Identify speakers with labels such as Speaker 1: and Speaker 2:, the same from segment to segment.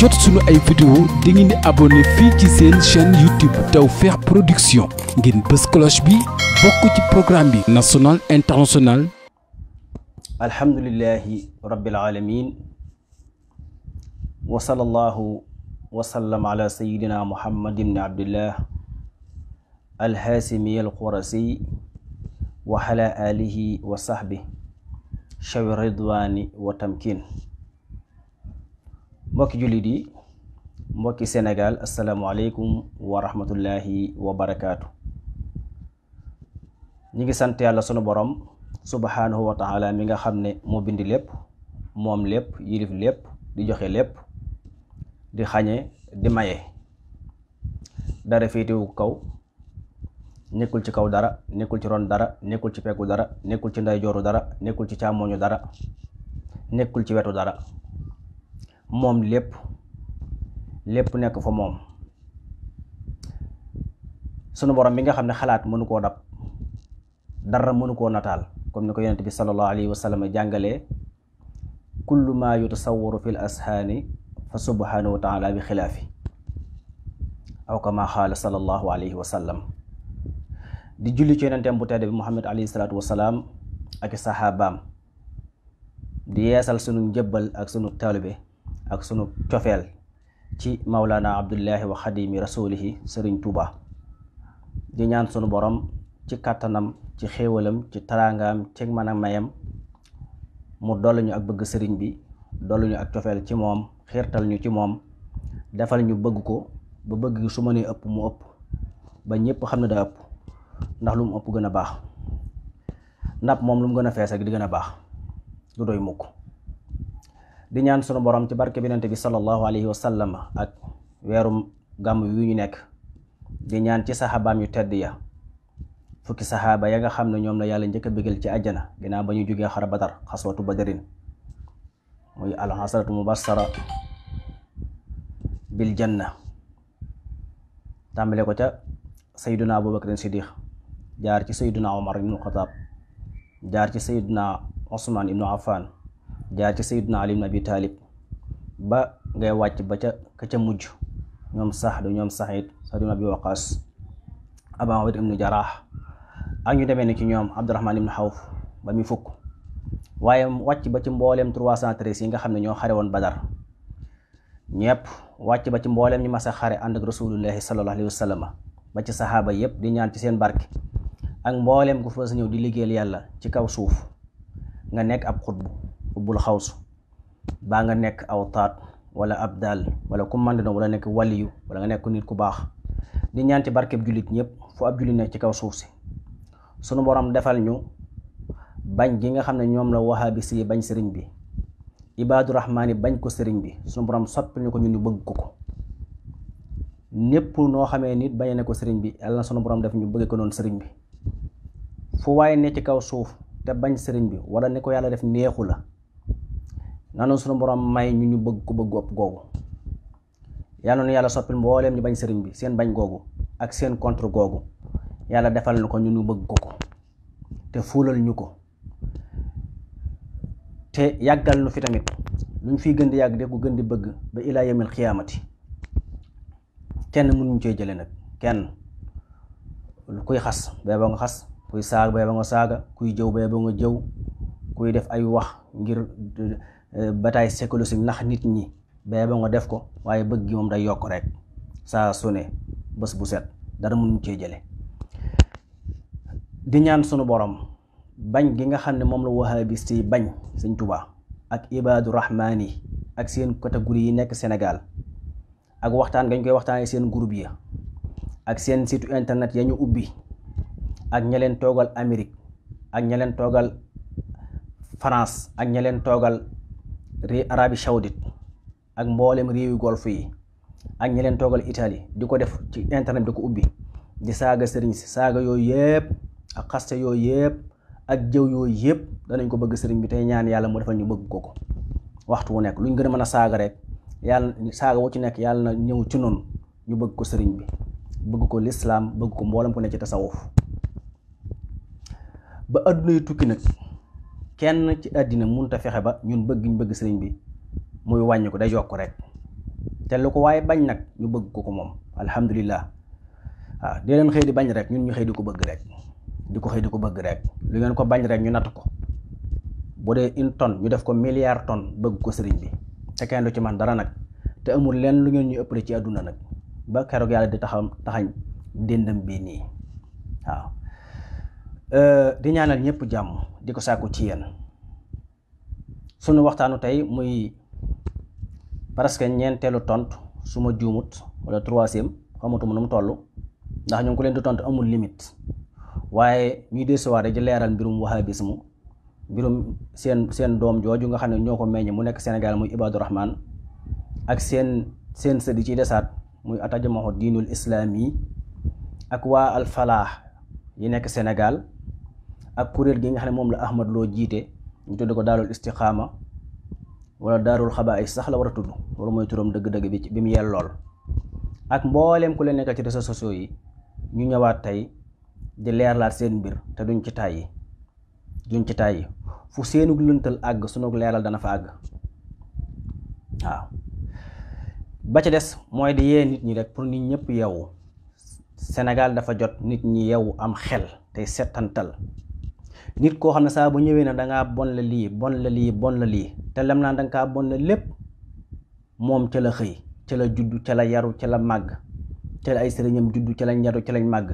Speaker 1: jot suñu ay vidéo da ngeen di abonné fii ci seen chaîne YouTube Tawfekh Production ngeen bës cloche bi bokk ci programme bi national international alhamdulillahi rabbil alamin wa sallallahu wa sallam ala sayidina muhammad ibni abdillah alhaasimi alqurasi wa ala alihi wa sahbi chawi ridwani wa tamkin mbokki jullit yi mbokki senegal asalaamualeykum wa rahmatullahi wa barakaatu. ñi ngi sant yàlla sunu borom subhaanahu wa taala mi nga xam ne moo bind lépp moom lépp yilif lépp di joxe lépp di xañe di maye dara féetewu kaw nekkul ci kaw dara nekkul ci ron dara nekkul ci peggu dara nekkul ci ndeyjooru dara nekkul ci càmmoñu dara nekkul ci wetu dara moom lépp lépp nekk fa moom sunu borom bi nga xam ne xalaat mënu koo dab dara mënu koo nataal kom ni ko yonent bi sallallahu alayhi wa sallam jàngalee bi xilaafi aw kama xaala sallallahu alayhi wa sallam di julli bu tedd bi muhammad alayhi salaatu wa salaam ak saxaabaam di yeesal sunu njëbbal ak sunu taalibe ak sunu cofeel ci mawlaana abdullahi wa xadimi rasulihi sëriñ tuuba di ñaan sunu borom ci kàttanam ci xéewalam ci taraangaam ci mën a mayam mu dollu ñu ak bëgg sëriñ bi dollu ñu ak cofeel ci moom xiirtal ñu ci moom defal ñu bëgg ko ba bëgg su ma nee ëpp mu ëpp ba ñëpp xam ne daa ëpp ndax lu mu ëpp gën a baax ndab moom lu mu gën a fees rek di gën a baax du doy mukk di ñaan sunu borom ci barke bi nante bi sallallahu alayhi wa sallam ak weeru gàmm yu ñu nekk di ñaan ci saxaabaam yu tedd ya fukki saxaaba ya nga xam ne ñoom la yàlla njëkk a bégal ci àjjana ginnaaw ba ñu jógee xar badar xaswatu badarin muy alxasratu mubassara bil janna tàmbale ko ca sayduna abubakar siddiq jaar ci sayduna omar ibnu xataab jaar ci sayduna osman ibnu affan jaar ci sayyiduna ali ibn abi taalib ba ngay wàcc ba ca ka ca mujj ñoom saxdu ñoom sax saxdu ibn abi waqaas abaa ubayda ibnu jaraax ak ñu demee ni ci ñoom abdurahmaan ibnu xawf ba muy fukk waaye wàcc ba ci mbooleem 313 yi nga xam ne ñoo xare woon badar ñëpp wàcc ba ci mbooleem ñu mas a xare ànd ak rasulullahi sallallahu alayhi wa sallam ba ci saxaaba yëpp di ñaan ci seen barke ak mbooleem ku fas ñëw di liggéeyal yàlla ci kaw suuf nga nekk ab xutbu ubbul xawsu baa nga nekk aw awtaat wala abdal wala ku mën doon wala nekk waliyu wala nga nekk nit ku baax di ñanti barkeb jullit ñëpp fu ab jullit nekk ci kaw suuf si sunu borom defal ñu bañ gi nga xam ne ñoom la wahabi si bañ sëriñ bi ibaadu rahmaani bañ ko sëriñ bi sunu borom soppil ko ñu ñu bëgg ko ko népp noo xamee nit bañ ne sëriñ bi yàlla borom def ñu bëgg ko noonu sëriñ bi fu waaye ne ci kaw suuf te bañ sëriñ bi wala ne ko yàlla def neexu la nanu sunu borom may ñu ñu bëgg ko bëgg opp googu yàlla nu yàlla soppil mbooleem ñu bañ sëriñ bi seen bañ googu ak seen contre googu yàlla defal na ko ñu ñu bëgg ko ko te fuulal ñu ko te yàggal nu fi tamit lu ñu fiy gën di yàgg de ku gën di bëgg ba ilaa yemil xiyaamati kenn mënuñu cee jële nag kenn kuy xas bay ba nga xas kuy saag bay ba nga saaga kuy jëw bay ba nga jëw kuy def ay wax ngir bataille psychologique ndax nit ñi bee ba nga def ko waaye bëgg gi moom day yokk rek saa su bës bu set dara mënuñ cee jële di ñaan sunu borom bañ gi nga xam ne moom la wahabiste yi bañ sëñ Tuubaa ak ibaadu rahmaan yi ak seen catégorie yi nekk Sénégal ak waxtaan gañ koy waxtaanee seen groupe ya ak seen site internet ya ñu ubbi ak ña leen toogal Amérique ak ña leen toogal France ak ña leen toogal réew Arabie Saoudite ak mboolem réewi golf yi ak ñi leen toogal Italie di ko def ci internet di ko ubbi di saaga sëriñ si saaga yooyu yëpp ak xaste yooyu yëpp ak jëw yooyu yëpp danañ ko bëgg sëriñ bi tey ñaan yàlla mu defal ñu bëgg ko ko waxtu wu nekk lu luñ gën a mën a saaga rek yàlla saaga wu ci nekk yàlla na ñëw ci noonu ñu bëgg ko sëriñ bi bëgg ko lislaam bëgg ko mboolem ko ne ci tasawuf ba adduna yi tukki nag kenn ci àddina munta fexe ba ñun bëgg ñu bëgg sëriñ bi muy wàññi ko day yokk rek te lu ko waaye bañ nag ñu bëgg ko ko moom alhamdulillah waaw dee leen xëy di bañ rek ñun ñu xëy di ko bëgg rek di ko xëy di ko bëgg rek lu ngeen ko bañ rek ñu natt ko boo dee une tonne ñu def ko milliard tonne bëgg ko sëriñ bi te kenn du ci man dara nag te amul leen lu ngeen ñu ëppale ci àdduna nag ba keroog yàlla di taxaw taxañ dendam bii nii waaw euh, di ñaanal ñëpp jàmm di ko sàkku ci yéen sunu waxtaanu tey muy presque ñeenteelu tontu su ma juumut wala troisième xamatuma nu mu toll ndax ñu ngi ko leen di tontu amul limite waaye ñuy desuwaat rek di leeral mbirum wahabisme mbirum seen seen doom jooju nga xam ne ñoo ko meññ mu nekk Sénégal muy Ibadu ak seen seen sëdi ci desaat muy atajamaxu diinul islaam yi ak waa alfalaax yi nekk Sénégal ak kuréel gi nga xam ne moom la Ahmad Lo jiite ñu tudd ko daalul istixaama wala daarul xabaa ay sax la war a tudd loolu mooy turam dëgg-dëgg bi bi mu lool ak mbooleem ku leen nekkal ci réseaux sociaux yi ñu ñëwaat tey di leerlaat seen mbir te duñ ci tàyyi duñ ci tàyyi fu seenug lëntal àgg sunug leeral dana fa àgg waaw ba ci des mooy di yee nit ñi rek pour nit ñëpp yeewu senegal dafa jot nit ñi yeewu am xel tey settantal nit koo xam ne saa bu ñëwee na dangaa bon la lii bon la lii bon la lii te lem naa danga kaa bon la lépp moom ca la xëy ca la juddu ca la yaru ca la màgg ca ay sëriñam juddu ca lañ ca lañ màgg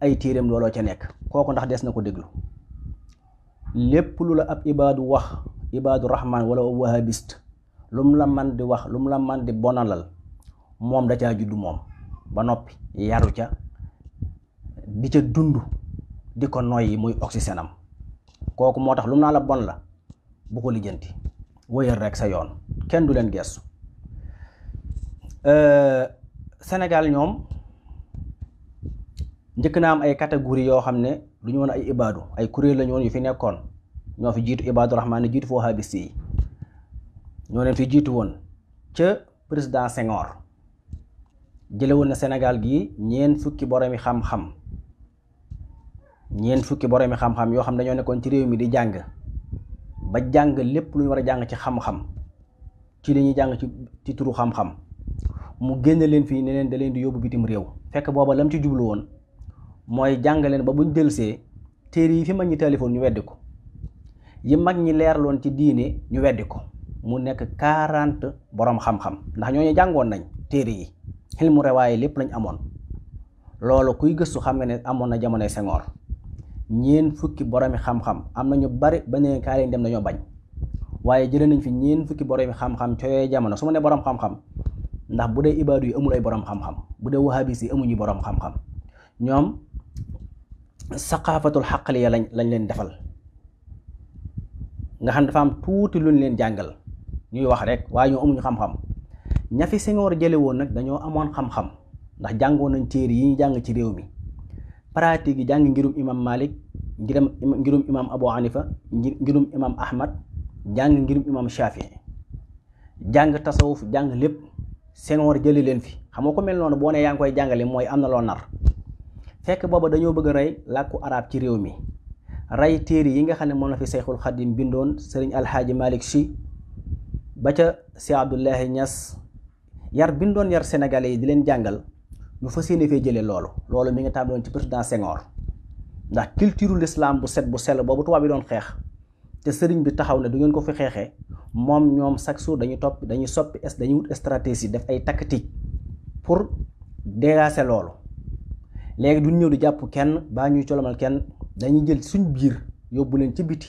Speaker 1: ay téeréem looloo ca nekk kooku ndax des na ko déglu lépp lu la ab ibaadu wax ibaadu rahman wala wahabist lu mu la man di wax lu mu la man di bonalal moom da caa juddu moom ba noppi yaru ca di ca dund di ko noyyi muy oxygène kooku moo tax lu mu naa la bon la bu ko lijjanti wëyal rek sa yoon kenn du leen gestu euh, Sénégal ñoom njëkk naa am ay catégorie yoo xam ne lu ñu woon ay ibaadu ay kuréel la ñu woon yu fi nekkoon ñoo fi jiitu ibaadu rahmaan jiitu foo habis yi ñoo leen fi jiitu woon ca président Senghor jële woon na senegal gi ñeent fukki boromi xam-xam ñeent fukki boroomi xam-xam yoo xam dañoo nekkoon ci réew mi di jàng ba jàng lépp lu war a jàng ci xam-xam ci li ñuy jàng ci ci turu xam-xam mu génn leen fii ne leen da leen di yóbbu bitim réew fekk booba lam ci jublu woon mooy jàng leen ba buñ dëlsee téere yi fi mag ñi téléphone ñu weddi ko yi mag ñi leerloon ci diine ñu weddi ko mu nekk quarante boroom xam-xam ndax ñooñu jàngoon nañ téere yi xel mu rewaaye lépp lañ amoon loolu kuy gëstu xam ne amoon na jamonoy Senghor ñeen fukki boromi xam-xam am na ñu bari ba ne kaa dem nañoo bañ waaye jëlee nañ fi ñeen fukki boromi xam-xam ca jamono su ma ne boroom xam-xam ndax bu dee ibaadu yi amul ay borom xam bu dee wahabis yi amuñu borom xam-xam ñoom saqaafatul xaqliya lañ lañ leen defal nga xam dafa am tuuti luñ leen jàngal ñuy wax rek waaye ñoo amuñu xam-xam ña fi Senghor jële woon nag dañoo amoon xam-xam ndax jàngoon nañ téere yi ñu jàng ci réew mi pratique yi jàng ngirum imam malik ngirum ngirum imam abu hanifa ngirum imam ahmad jàng ngirum imam shafii jàng tasawuf jàng lépp seen war jëli leen fi xam nga ko mel noonu boo ne yaa ngi koy jàngale mooy am na loo nar fekk booba dañoo bëgg a rey làkku arab ci réew mi rey téere yi nga xam ne moom la fi seyxul xadim bindoon sëriñ alxaaji malik si ba ca si abdullahi ñas yar bindoon yar sénégalais yi di leen jàngal ñu fas yéene fee jëlee loolu loolu mi ngi tàmbaloon ci président Senghor ndax culture l'islam bu set bu sell boobu tubaab bi doon xeex te sëriñ bi taxaw ne du ngeen ko fi xeexee moom ñoom chaque jour dañuy topp dañuy soppi dañuy wut stratégie def ay tactique pour dégager loolu léegi duñ ñëw di jàpp kenn baa ñuy colomal kenn dañuy jël suñ biir yóbbu leen ci biti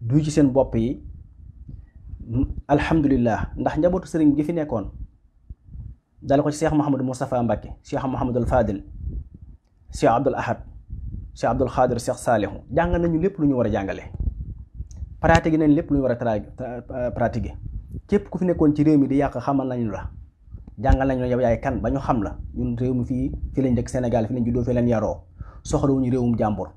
Speaker 1: du ci seen bopp yi alhamdulillah ndax njabootu sëriñ gi fi nekkoon dala ko ci Cheikh Mouhamadou Moustapha Mbacke Cheikh Mouhamadou Fadil Cheikh Abdoul Ahad Cheikh Abdoul Khadir Cheikh Salihu jàngal nañu lépp lu ñu war a jàngale pratiqué nañ lépp lu ñu war a tra pratiqué képp ku fi nekkoon ci réew mi di yàq xamal nañu la jàng nañu yow yaay kan ba ñu xam la ñun réew mi fii fi lañ dëkk Sénégal fi lañ juddoo fi lañ yaroo soxlawuñu réewum jàmbur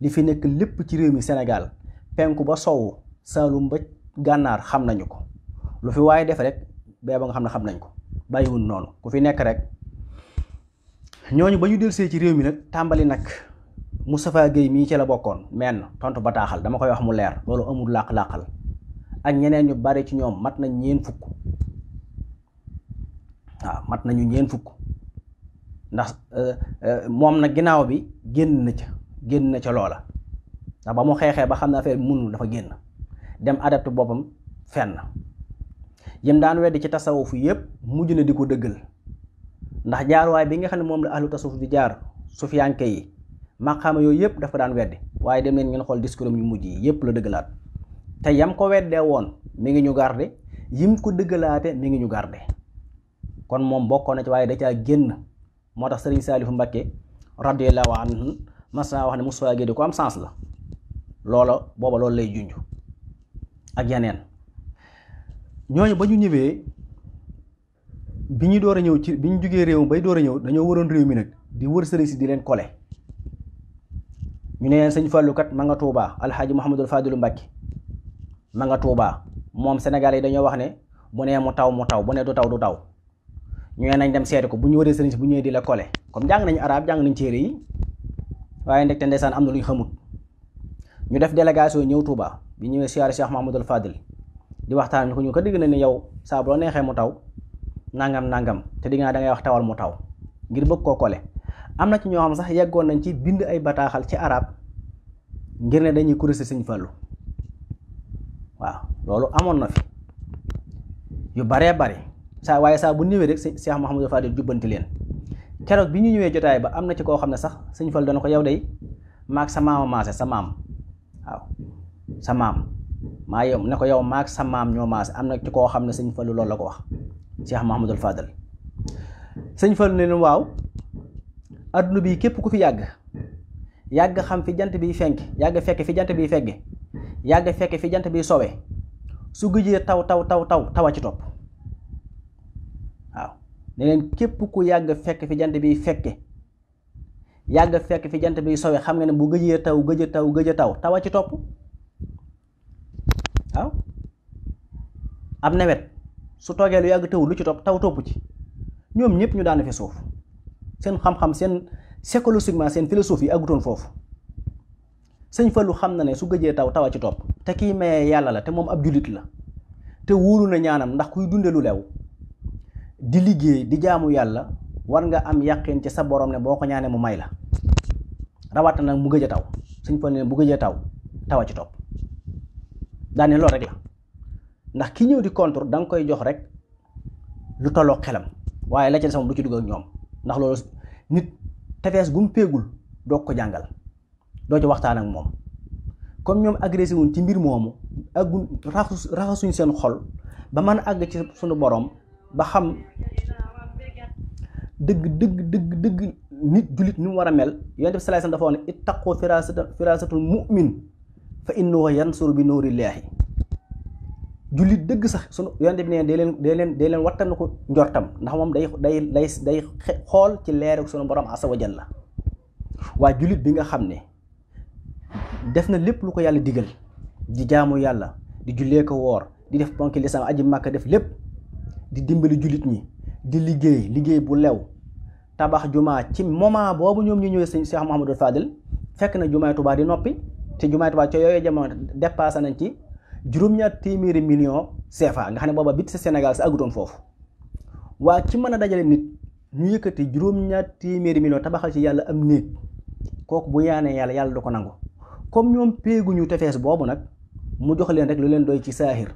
Speaker 1: li fi nekk lépp ci réew mi senegal penku ba sowu Saalum ba gànnaar xam nañu ko lu fi waaye def rek bee ba xam ne xam nañ ko bàyyiwul noonu ku fi nekk rek ñooñu ba ñu delsee ci réew mi nag tàmbali nag Moustapha Guèye mii ci la bokkoon menn tontu bataaxal dama koy wax mu leer loolu amul làq-làqal ak ñeneen ñu bari ci ñoom mat nañ ñeen fukk waaw mat nañu ñeen fukk ndax euh, euh, moom na ginnaaw bi génn na ca génn na ca loola ndax ba mu xeexee ba xam ne affaire bi mënul dafa génn dem adapté boppam fenn yim daan weddi ci tasawuf yépp mujj na di ko dëggal ndax jaarwaay bi nga xam ne moom la ahlu tasawuf di jaar sufiyanke yi maqaama yooyu yépp dafa daan weddi waaye dem leen ngeen xool discours yu mujj yi yépp la dëggalaat te yam ko weddee woon mi ngi ñu garde yim ko dëggalaate mi ngi ñu garde kon moom bokkoon na ci waaye da caa génn moo tax sëriñ Saalifu Mbakke radiyallahu anhu mas naa wax ne Moussa Gueye ko am sens la loola booba loolu lay junj ak yeneen ñooñu ba ñu ñëwee bi ñu door a ñëw ci bi ñu jógee réew bay door a ñëw dañoo waroon réew mi nag di wër sëriñ si di leen kole ñu ne sëñ Fallou kat ma nga Touba alxaaji Mouhamadul Fadilu mbakki ma nga Touba moom Sénégal yi dañoo wax ne bu nee mu taw mu taw bu ne du taw du taw ñu ne nañ dem seeti ko bu ñu waree sëriñ si bu ñëwee di la kole comme jàng nañu arab jàng nañu téere yi waaye ndekte ndeysaan am na luy ñu xamut ñu def délégation ñëw Touba bi ñëwee siyaare Cheikh Mouhamadul Fadil di waxtaan ni ko ñu ko digg na ni yow saa bu la neexee mu taw nangam nangam te digg naa da wax tawal mu taw ngir bëgg koo kole am na ci ñoo xam sax yeggoon nañ ci bind ay bataaxal ci araab ngir ne dañuy kuréel Sëñ Fallu waaw loolu amoon na fi yu baree bare saa waaye saa bu ñëwee rek Cheikh Mouhamadou Fadil jubbanti leen keroog bi ñu ñëwee jotaay ba am na ci koo xam ne sax Sëñ Fallu dana ko yow day maag sa maama maase sa maam waaw sa maam maa yow ne ko yow maag sa maam ñoo maas am na ci koo xam ne sëñ Fallu loolu la ko wax Cheikh Mahamadul Fadal sëñ Fallu ne leen waaw adduna bi képp ku fi yàgg yàgg xam fi jant biy fenk yàgg fekk fi jant biy fegge yàgg fekk fi jant biy sowe su gëjee taw taw taw taw taw a ci topp waaw ne képp ku yàgg fekk fi jant biy fekke yàgg fekk fi jant biy sowe xam nga ne bu gëjee taw gëj a taw gëj a taw taw a ci topp waaw ab nawet su toogee lu yàgg tawul lu ci topp taw topp ci ñoom ñëpp ñu daan fi suuf seen xam-xam seen psychologiquement seen philosophie àggutoon foofu sëñ Fallou xam na ne su gëjee taw tawa ci topp te kii mayee yàlla la te moom ab jullit la te wóolu na ñaanam ndax kuy dunde lu lew di liggéey di jaamu yàlla war nga am yàqin ci sa borom ne boo ko ñaanee mu may la rawatina nag mu gëj a taw sëñ bu gëjee taw tawa ci topp daane loolu rek la ndax ki ñëw di contre danga koy jox rek lu tolloo xelam waaye la ca sama du ci dugg ak ñoom ndax loolu nit tefes gu mu péegul doo ko jàngal doo ci waxtaan ak moom comme ñoom agressé wuñ ci mbir moomu agguñ raxasuñu seen xol ba mën a àgg ci suñu boroom ba xam dëgg dëgg dëgg dëgg nit jullit ni mu war a mel yonent bi salaay dafa wax ne ittaqu firaasatul mu'min fa yan yansuru bi nuurillaahi jullit dëgg sax sunu yonent bi nee day leen day leen day wattan ko njortam ndax moom day day day day xool ci leeru sunu borom asa wa jalla waaye jullit bi nga xam ne def na lépp lu ko yàlla digal di jaamu yàlla di jullee ko woor di def ponki lislaam aji màkk def lépp di dimbali jullit ñi di liggéey liggéey bu lew tabax jumaa ci moment boobu ñoom ñu ñëwee sëñ Cheikh Mouhamadou Fadil fekk na jumaay Tuubaa di noppi te jumaay waa ca yooyu jamono dépassé nañ ci juróom-ñaar téeméeri million CFA nga xam ne booba bit sa Sénégal sa àggutoon foofu waa ci mën a dajale nit ñu yëkkati juróom-ñaar téeméeri million tabaxal ci yàlla am néeg kooku bu yaanee yàlla yàlla du ko nangu comme ñoom péeguñu tefees boobu nag mu jox leen rek lu leen doy ci saaxir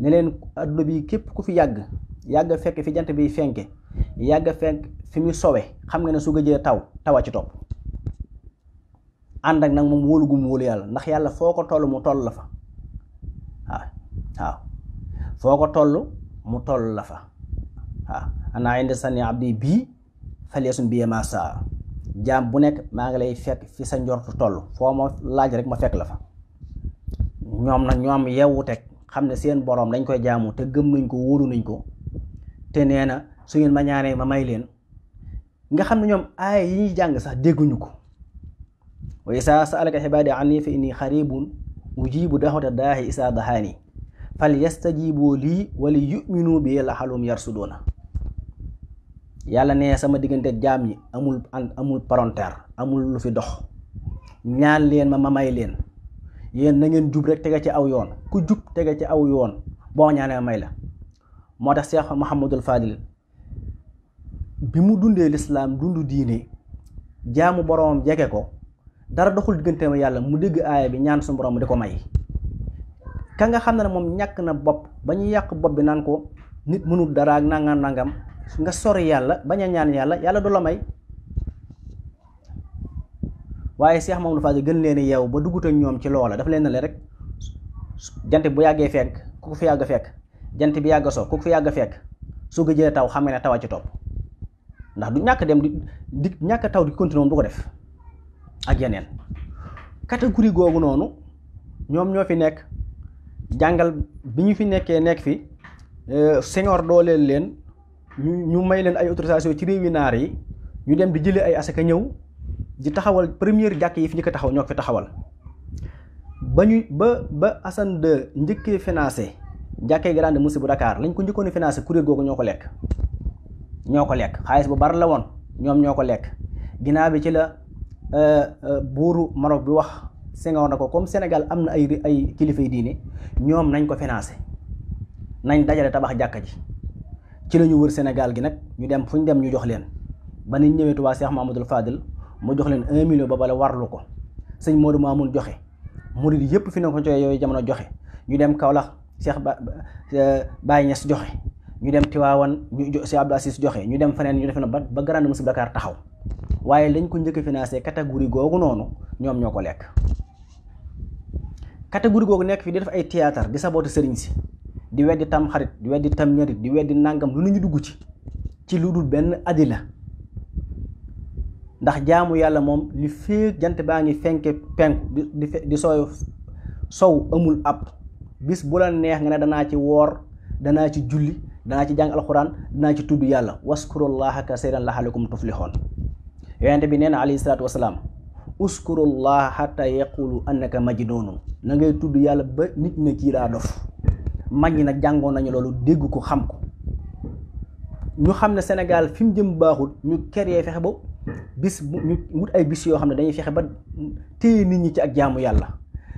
Speaker 1: ne leen adduna bi képp ku fi yàgg yàgg fekk fi jant bi fenke yàgg fenk fi mu sowe xam nga ne su gëjee taw tawa ci topp ànd ak nag moom wóolu gu wóolu yàlla ndax yàlla foo ko tollu mu tollu la fa waaw waaw foo ko toll mu toll la fa waaw ana indi sànni abdi bii faleesun bi ma saa jaam bu nekk maa ngi lay fekk fi sa njortu toll foo ma laaj rek ma fekk la fa ñoom nag ñoom yeewu teg xam ne seen boroom dañ koy jaamu te gëm nañ ko wóolu nañ ko te nee na su ngeen ma ñaanee ma may leen nga xam ne ñoom aaya yi ñuy jàng sax dégguñu ko wa isaa saalaka xibaadi anni fa inni xaribun ujibu daxota daaxi isaa daxaani fal yastajibu lii wala yuminu bi la yàlla ne sama diggante jaam ñi amul amul amul lu fi dox ñaan leen ma may leen yéen na ngeen jub ci aw yoon ku jub tege ci aw yoon boo ñaanee may la moo tax Cheikh Mouhamadul Fadil bi mu dundee lislaam dundu diine jaamu boroom jege ko dara doxul digganteem yàlla mu dégg aaya bi ñaan suñu borom mu di ko may ka nga xam ne ne moom ñàkk na bopp ba ñu yàq bopp bi naan ko nit mënul dara ak nangam nangam nga sori yàlla bañ a ñaan yàlla yàlla du la may waaye Cheikh Mamadou Fadil gën leen yeew ba dugut ñoom ci loola dafa leen ne rek jant bu yàggee fekk ku ko fi yàgg fekk jant bi yàgg so ku ko fi yàgg fekk soo ko jëlee taw xam nga ne taw a ci topp ndax du ñàkk dem di ñàkk taw di continuer moom ko def ak yeneen catégorie googu noonu ñoom ñoo fi nekk jàngal bi ñu fi nekkee nekk fi euh, señor dooleel leen ñu ñu may leen ay autorisation ci réewi naar yi ñu dem di jëlee ay asaka ñëw di taxawal première jàkk yi fi ñu ko taxaw ñoo ko fi taxawal ba ñu ba ba Assane de njëkkee financé jàkkee Grande Mosquée bu Dakar lañ ko njëkkoon financé kuréel googu ñoo ko lekk ñoo ko lekk xaalis bu bari la woon ñoom ñoo ko lekk ginnaaw bi ci la Euh, euh, buuru Maroc bi wax Senghor na ko comme Sénégal am na ay ay kilifay diine ñoom nañ ko financé nañ dajale tabax jàkka ji ci la wër Sénégal gi nag ñu dem fu ñu dem ñu jox leen ba ni ñëwee Tuubaa Cheikh Mahamadul Fadil mu jox leen un million ba bale warlu ko sëñ maa Mamoun joxe murid yëpp fi ne ko cooy yooyu jamono joxe ñu dem Kaolack Cheikh euh, Baye Niass joxe ñu dem Tiwaawan ñu si Abdou joxe ñu dem feneen ñu defe na ba Grande Mosquée Dakar taxaw waaye lañ ko njëkk a financé catégorie googu noonu ñoom ñoo ko lekk catégorie googu nekk fii di def ay théâtre di saboté sëriñ si di weddi tam xarit di weddi tam ñarit di weddi nangam lu nu ñu dugg ci ci lu dul benn la ndax jaamu yàlla moom li fii jant baa ngi fenke penku di di soy sow amul ab bis bu la neex nga ne danaa ci woor danaa ci julli danaa ci jàng alxuraan danaa ci tudd yàlla waskurullaha kasiran laxalakum tuflixoon yonente bi nee na alayhi salaatu wasalaam uskurullaha xata yaqulu annaka majnunun na ngay tudd yàlla ba nit ne kii daa dof mag ñi nag jàngoon nañu loolu dégg ko xam ko ñu xam ne Sénégal fi mu jëm baaxul ñu ker créé fexe ba bis ñu wut ay bis yoo xam ne dañuy fexe ba téye nit ñi ci ak jaamu yàlla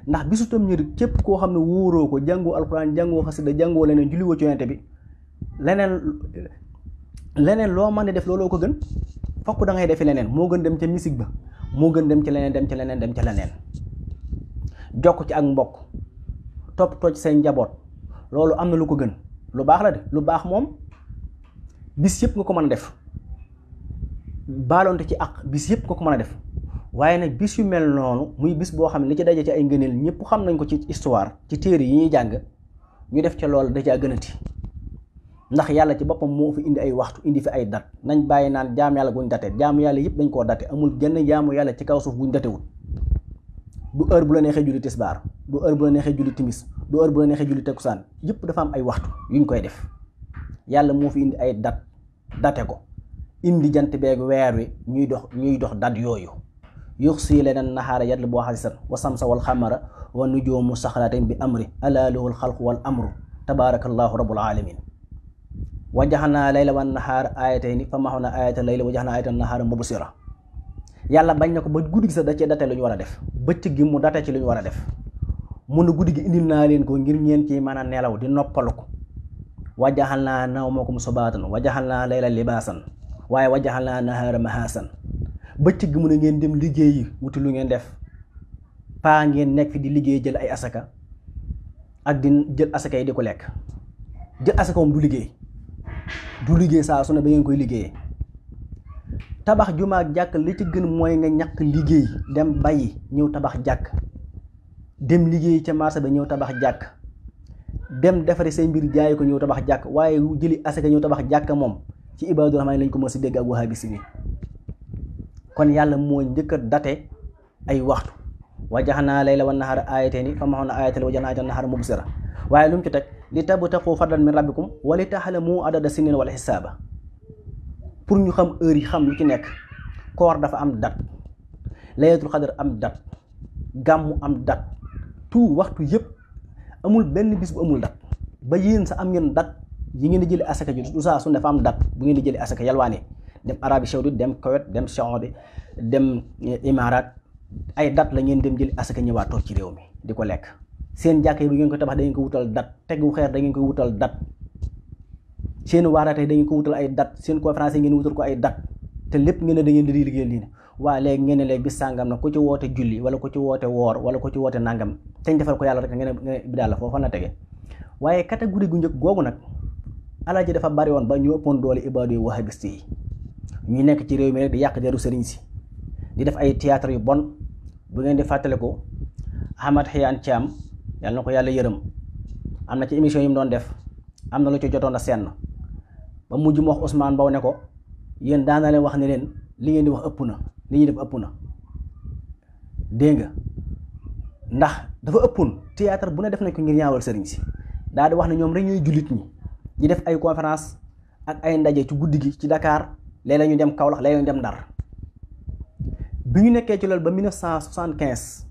Speaker 1: ndax bisu tam ñëri képp koo xam ne wóoroo ko jàngoo alxuraan jàngoo xasida jàngoo leneen julli woo bi leneen leneen loo man a def looloo ko gën fokk dangay ngay defi leneen moo gën dem ca musique ba moo gën dem ci leneen dem ci leneen dem ci leneen jokk ci ak mbokk topp toj seen njaboot loolu am na lu ko gën lu baax la de lu baax moom bis yëpp nga ko mën a def baalonte ci ak bis yëpp nga ko mën a def waaye nag bis yu mel noonu muy bis boo xam ne li ci daje ci ay ngëneel ñëpp xam nañ ko ci histoire ci téere yi ñuy jàng ñu def ca loolu da caa gënati ndax yàlla ci boppam moo fi indi ay waxtu indi fi ay dat nañ bàyyi naan jaamu yàlla guñ date jaamu yàlla yëpp dañ ko date amul genn jaamu yàlla ci kaw suuf guñ datewul du heure bu la neexee julli tisbaar du heure bu la neexee julli timis du heure bu la neexee julli tekusaan yëpp dafa am ay waxtu yuñ koy def yàlla moo fi indi ay dat date ko indi jant beeg weer wi ñuy dox ñuy dox dat yooyu yux sii leneen naxaara yàlla boo xasisan wa samsa wal xamara wa nujoomu saxraatin bi amri alaa lahul xalqu wal amru tabaarakallahu rabbul alamin wa jaxanaa layla wan nahaar aayatayni fa maxaw na aayata layla wa jaxanaa aayata nahaara mubsira yàlla bañ na ko ba guddi sax da cee date lu ñu war a def bëccëg gi mu date ci lu ñu war a def mu ne guddi gi naa leen ko ngir ngeen ci man a nelaw di noppalu ko jaxal naa nawmakum subaatan wa jaxal naa layla libaasan waaye wa jaxal naa nahaara mahaasan bëccëg gi mu ne ngeen dem liggéeyi wuti lu ngeen def paa ngeen nekk fi di liggéey jël ay asaka ak di jël yi di ko lekk jël asaka liggéey du liggéey saa su ne ba ngeen koy liggéeyee tabax jumaa ak jàkk li ci gën mooy nga ñàkk liggéey dem bàyyi ñëw tabax jàkk dem liggéey ca marché ba ñëw tabax jàkk dem defari say mbir jaay ko ñëw tabax jàkk waaye jëli asaka ñëw tabax jàkk moom ci ibaadu lañ ko mën si dégg ak wahabis bi kon yàlla moo njëkk date ay waxtu wajaxnaa layla wan nahaara aayatayni fa maxoon na aayatan wajaxnaa aayatan nahaara mubsira waaye lu mu ci teg li tabtaqu fadlan min rabbikum wa li taxlamu adada sinin wala xisaaba pour ñu xam heure yi xam lu ci nekk koor dafa am date layatul xadar am date gàmmu am date tout waxtu yëpp amul benn bis bu amul date ba yéen sa am ngeen date yi ngeen di jëli asaka ji du saa su ne dafa am date bu ngeen di jëli asaka yalwaane dem Arabie Saoudite dem Koweït dem Saoudi dem Imarat ay date la ngeen dem jëli asaka ñëwaat toog ci réew mi di ko lekk seen jàkk yi bu ngeen ko tabax da ngeen ko wutal dat tegu xeer da ngeen ko wutal dat seen waaraate da ngeen ko wutal ay dat seen conférence yi ngeen wutal ko ay dat te lépp ngeen ne da ngeen di liggéey lii ne waa léegi ngeen ne léegi ci woote julli wala ku ci woote woor wala ku ci woote nangam teñ defal ko yàlla rek ngeen ne bi daal foofa na tege waaye catégorie gu njëkk googu nag alal ji dafa bari woon ba ñu ëppoon doole ibaadu yi wahabiste yi ñu nekk ci réew mi rek di yàq deru sëriñ si di def ay théâtre yu bon bu ngeen di fàttale ko Ahmad Xiyaan Caam yal na ko yàlla yërëm am na ci émission yi mu doon def am na lu ci jotoon a senn ba mujj mu wax Ousmane Mbow ne ko yéen daan na leen wax ne leen li ngeen di wax ëpp na li ñuy def ëpp na dégg nga ndax dafa ëppoon théâtre bu ne def nañ ko ngir ñaawal sëriñ si daal di wax ne ñoom rek ñuy jullit ñi di def ay conférence ak ay ndaje ci guddi gi ci Dakar léeg-léeg ñu dem Kaolack léeg-léeg ñu dem Ndar bi ñu nekkee ci loolu ba 1975.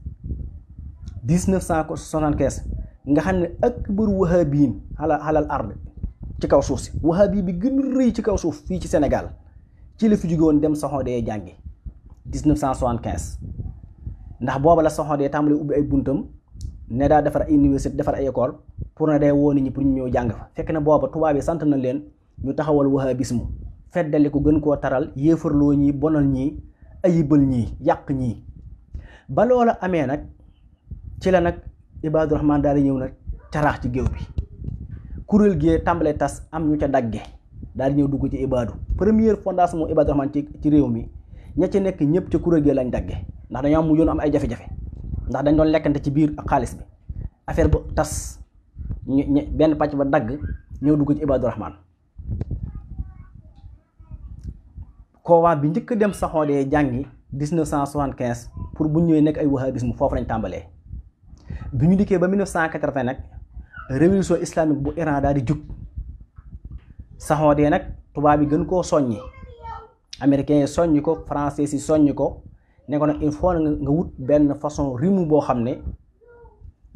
Speaker 1: 1975 nga xam ne akbaru wahabiyin ala alal ard ci kaw suuf si wahabi bi gën a ci kaw suuf fii ci Sénégal ci la fi jóge woon dem Soxondee jàngi 1975 ndax booba la Soxondee tàmbali ubbi ay buntam ne daa defar ay université defar ay école pour na day woo nit ñi pour ñu ñëw jàng fa fekk na booba tubaab yi sant na leen ñu taxawal wahabisme feddali ko gën koo taral yéefarloo ñi bonal ñii ayibal ñii yàq ñi ba loola amee nag. ci la nag Ibaadu daal di ñëw nag caraax ci géew bi kuréel gee tàmbalee tas am ñu ca dagge daal di ñëw dugg ci Ibaadu première fondation moom Ibaadu ci réew mi ña ci nekk ñëpp ci kuréel gee lañ dagge ndax dañu am mu yoon am ay jafe-jafe ndax dañ doon lekkante ci biir ak xaalis bi affaire bu tas ñu benn pàcc ba dagg ñëw dugg ci Ibaadu Rahmaan koowaa bi njëkk dem saxoodee jàngi 1975 pour bu ñëwee nekk ay wahabisme foofu lañ tàmbalee bi ñu dikkee ba 1980 nag révolution islamique bu Iran daal di jug saxoodee nag tubaab yi gën koo soññi américains yi soññi ko francais yi soññi ko ne ko nag il faut nga wut benn façon rimu boo xam ne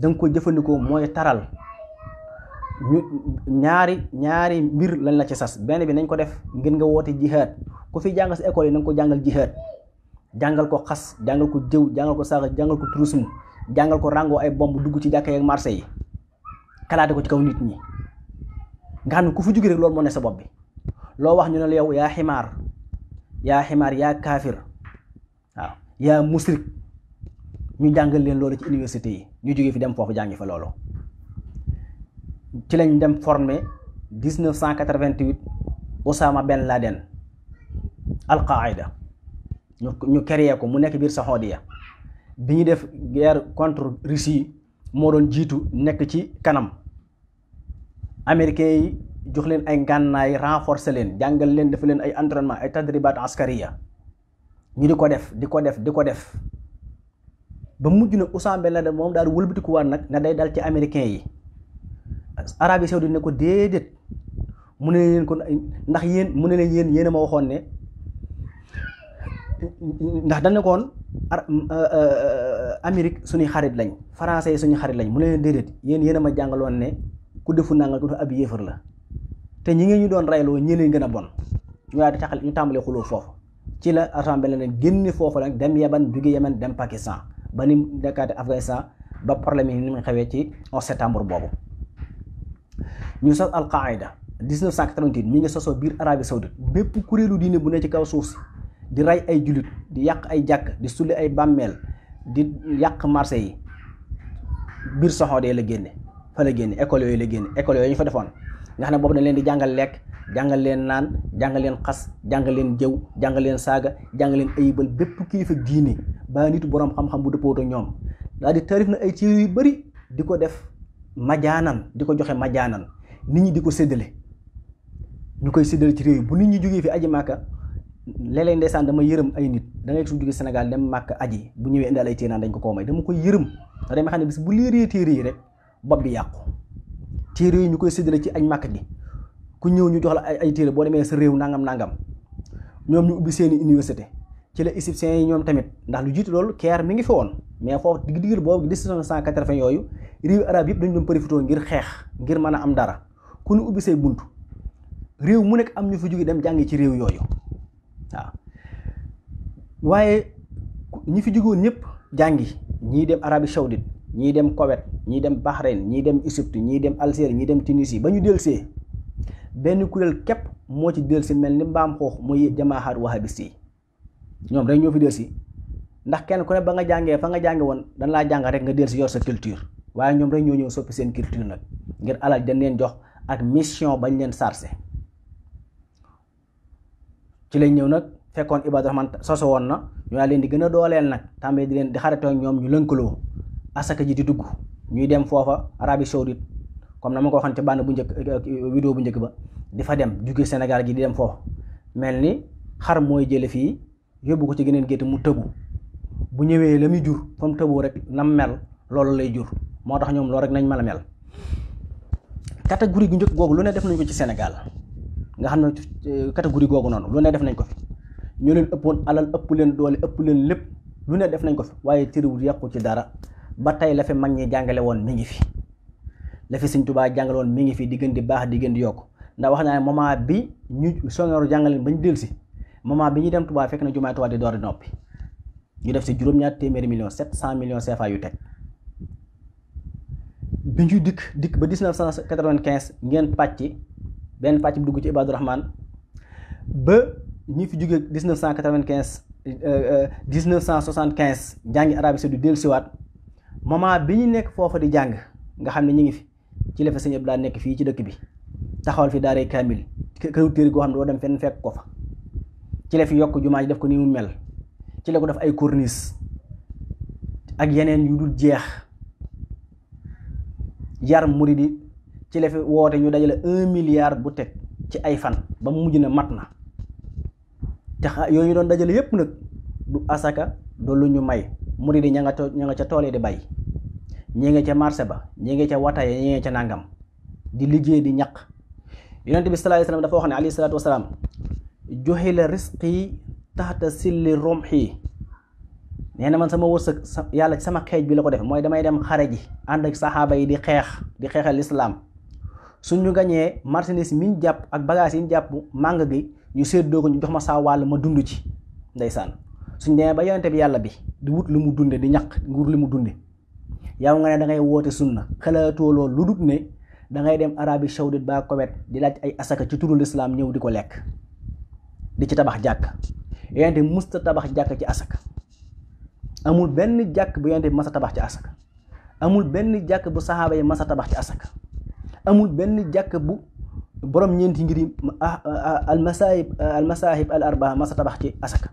Speaker 1: danga ko jëfandikoo mooy taral ñu ñaari ñaari mbir lañ la ci sas benn bi nañ ko def ngeen nga woote jihaad ku fi jàng si école yi na ko jàngal jihaad jàngal ko xas jàngal ko jëw jàngal ko saaga jàngal ko tourisme jàngal ko ràngoo ay bomb dugg ci jàkka ak marché yi kalaate ko ci kaw nit ñi nga xam ne ku fu jóge rek loolu moo ne sa bopp bi loo wax ñu ne la yow yaa ximaar yaa ximaar yaa kaafir waaw yaa musrik ñu jàngal leen loolu ci université yi ñu jógee fi dem foofu jàngi fa loolu ci lañ dem formé 1988 Osama Ben Laden al Qaida ñu ñu yee ko mu nekk biir Saxoodiya bi ñu def guerre contre Russie moo doon jiitu nekk ci kanam américains yi jox leen ay ngànnaay renforcer leen jàngal leen dafa leen ay entraînement ay tadribat askariya ñu di ko def di ko def di ko def ba mujj na Ousama Ben Laden moom daal wëlbatikuwaat nag na day dal ci américains yi Arabie Saoudite ne ko déedéet mu ne leen ko ndax yéen mu ne leen yéen yéen a ma waxoon ne ndax dañ ne ko woon euh, euh, euh, Amérique suñuy xarit lañ français yi suñuy xarit lañ mu leen déedéet yéen yéen ma jàngaloon ne ku defu nangal ko ab yéefar la te ñi ngi ñu doon rayloo ñi leen gën a bon ñu daal di ñu tàmbalee xuloo foofu ci la assemblée leen génne foofu nag dem Yaman jóge Yaman dem Pakistan ba ni mu nekkaate Afghanistan ba problème yi ni mu xewee ci 11 septembre boobu ñu sos Al Qaïda 1988 mi ngi sosoo biir Arabie Saoudite bépp kuréelu diine bu ne ci kaw suuf di rey ay julit di yàq ay jàkk di sulli ay bàmmeel di yàq marché yi biir soxoodee la génne fa la génne école yooyu la génne école yooyu ñu fa defoon nga xam ne boobu dañ leen di jàngal lekk jàngal leen naan jàngal leen xas jàngal leen jëw jàngal leen saaga jàngal leen ayibal bépp kilifa diine ba nitu boroom xam-xam bu dëppoo ñoom daal di tarif na ay ci yu bari di ko def majaanan di ko joxe majaanan nit ñi di ko séddale ñu koy séddale ci réew yi bu nit fi aji màkka léeg-léeg ndeysaan dama yërëm ay nit da ngay su jóge senegal dem màkk aji bu ñëwee indi ay téenaan dañ ko koo may dama koy yërëm te dama xam ne bis bu léeree téere yi rek bopp bi yàqu téere yi ñu koy séddale ci ay màkk gi ku ñëw ñu jox la ay téere boo demee sa réew nangam nangam ñoom ñu ubbi seeni université ci la égyptiens yi ñoom tamit ndax lu jiitu loolu Caire mi ngi fi woon mais foofu digg diggal boobu di 1980 yooyu réew arab yëpp dañu doon profité ngir xeex ngir mën a am dara ku ñu ubbi say réew mu nekk am ñu fa dem jàngi ci réew yooyu waaye ñi fi jugoon ñépp jàngi ñii dem Arabie Saoudite ñii dem Koweït ñii dem Bahreïn ñii dem Égypte ñii dem Algérie ñii dem Tunisie ba ñu delsee benn kuréel képp moo ci delsi mel ni mbaam xoox muy jamaaxaat wahabist yi ñoom rek ñoo fi delsi ndax kenn ku ne ba nga jàngee fa nga jànge woon dañ laa jàng rek nga delsi yor sa culture waaye ñoom rek ñoo ñëw soppi seen culture nag ngir alal dañ leen jox ak mission bañ leen sarse ci lañ ñëw nag fekkoon Ibaadu Rahmaan soso woon na ñu daal leen di gën a dooleel nag tàmbali di leen di xaritoo ñoom ñu lënkaloo asaka ji di dugg ñuy dem foofa Arabie Saoudite comme na ma ko waxoon ci bànn bu njëkk eh, eh, vidéo bu njëkk ba di fa dem jóge senegal gi di dem foofa mel ni xar mooy jële fii yóbbu ko ci geneen gétt mu tëbu bu ñëwee la muy jur fa mu tëboo rek na mel loolu lay jur moo tax ñoom loolu rek nañ mën a mel catégorie gu njëkk googu lu ne def nañ ko ci Sénégal nga xam ne eh, catégorie googu noonu lu ne def nañ ko fi ñoo leen ëppoon alal ëpp leen doole ëpp leen lépp lu ne def nañ ko fi waaye tëriwul yàqu ci dara ba tey la fi mag ñi jàngale woon mi ngi fi la fi sëñ Tuubaa jàngale woon mi ngi fi di gën di baax di gën di yokk ndax wax naa ne moment bi ñu soñoru jàngale bañ dellusi moment bi ñu dem Tuubaa fekk na jumaay Tuubaa di door noppi ñu def si juróom-ñaar téeméeri millions 700 millions CFA yu teg bi ñuy dikk dikk ba 1995 ngeen pàcc benn pàcc bi dugg ci Ibadou Rahman ba. ñu fi jógee dix neuf cent quatre vingt quinze euh, euh, dix cent soixante quinze jàngi Arabie Saoudite dellu siwaat moment bi ñu nekk foofa di jàng nga xam ne ñu ngi fi ci la fa sëñ Abdoulaye nekk fii ci dëkk bi taxawal fi daaray kaamil këru téere goo xam ne doo dem fenn fekk ko fa ci la fi yokk jumaa ji def ko ni mu mel ci la ko def ay corniche ak yeneen yu dul jeex yar murid yi ci la fi woote ñu dajale un milliard bu teg ci ay fan ba mu mujj na mat na te xa yooyu doon dajale yëpp nag du asaka du lu ñu may murid di ña nga ña ca tool yi di bay ñi nga ca marché ba ñi nga ca wataye ñi ca nàngam di liggéey di ñaq yonent bi sallallahu alayhi wasallam dafa ne alayhi salaatu wasalaam juxila risqi taxta silli romxi nee na man sama wërsëg yàlla sama xeej bi la ko def mooy damay dem xare ji ànd ak saxaaba yi di xeex di xeexal lislaam suñu gañee marchandise miñ jàpp ak bagage yi jàpp màng gi ñu séddoo ko ñu jox ma saa wàll ma dund ci ndeysaan suñ demee ba yonente bi yàlla bi di wut lu mu dunde di ñaq nguur li mu dunde yow nga ne da ngay woote sunna xalaatoo loolu lu dut ne dangay dem Arabie Saoudite ba Koweït di laaj ay asaka ci turu lislaam ñëw di ko lekk di ci tabax jàkk yonente bi musta tabax jàkk ci asaka amul benn jàkk bu yonente bi mas a tabax ci asaka amul benn jàkk bu saxaaba yi mas tabax ci asaka amul benn jàkk bu borom ñeenti ngir ah, ah, almasaahib almasaahib al arbaa masa tabax ci asaka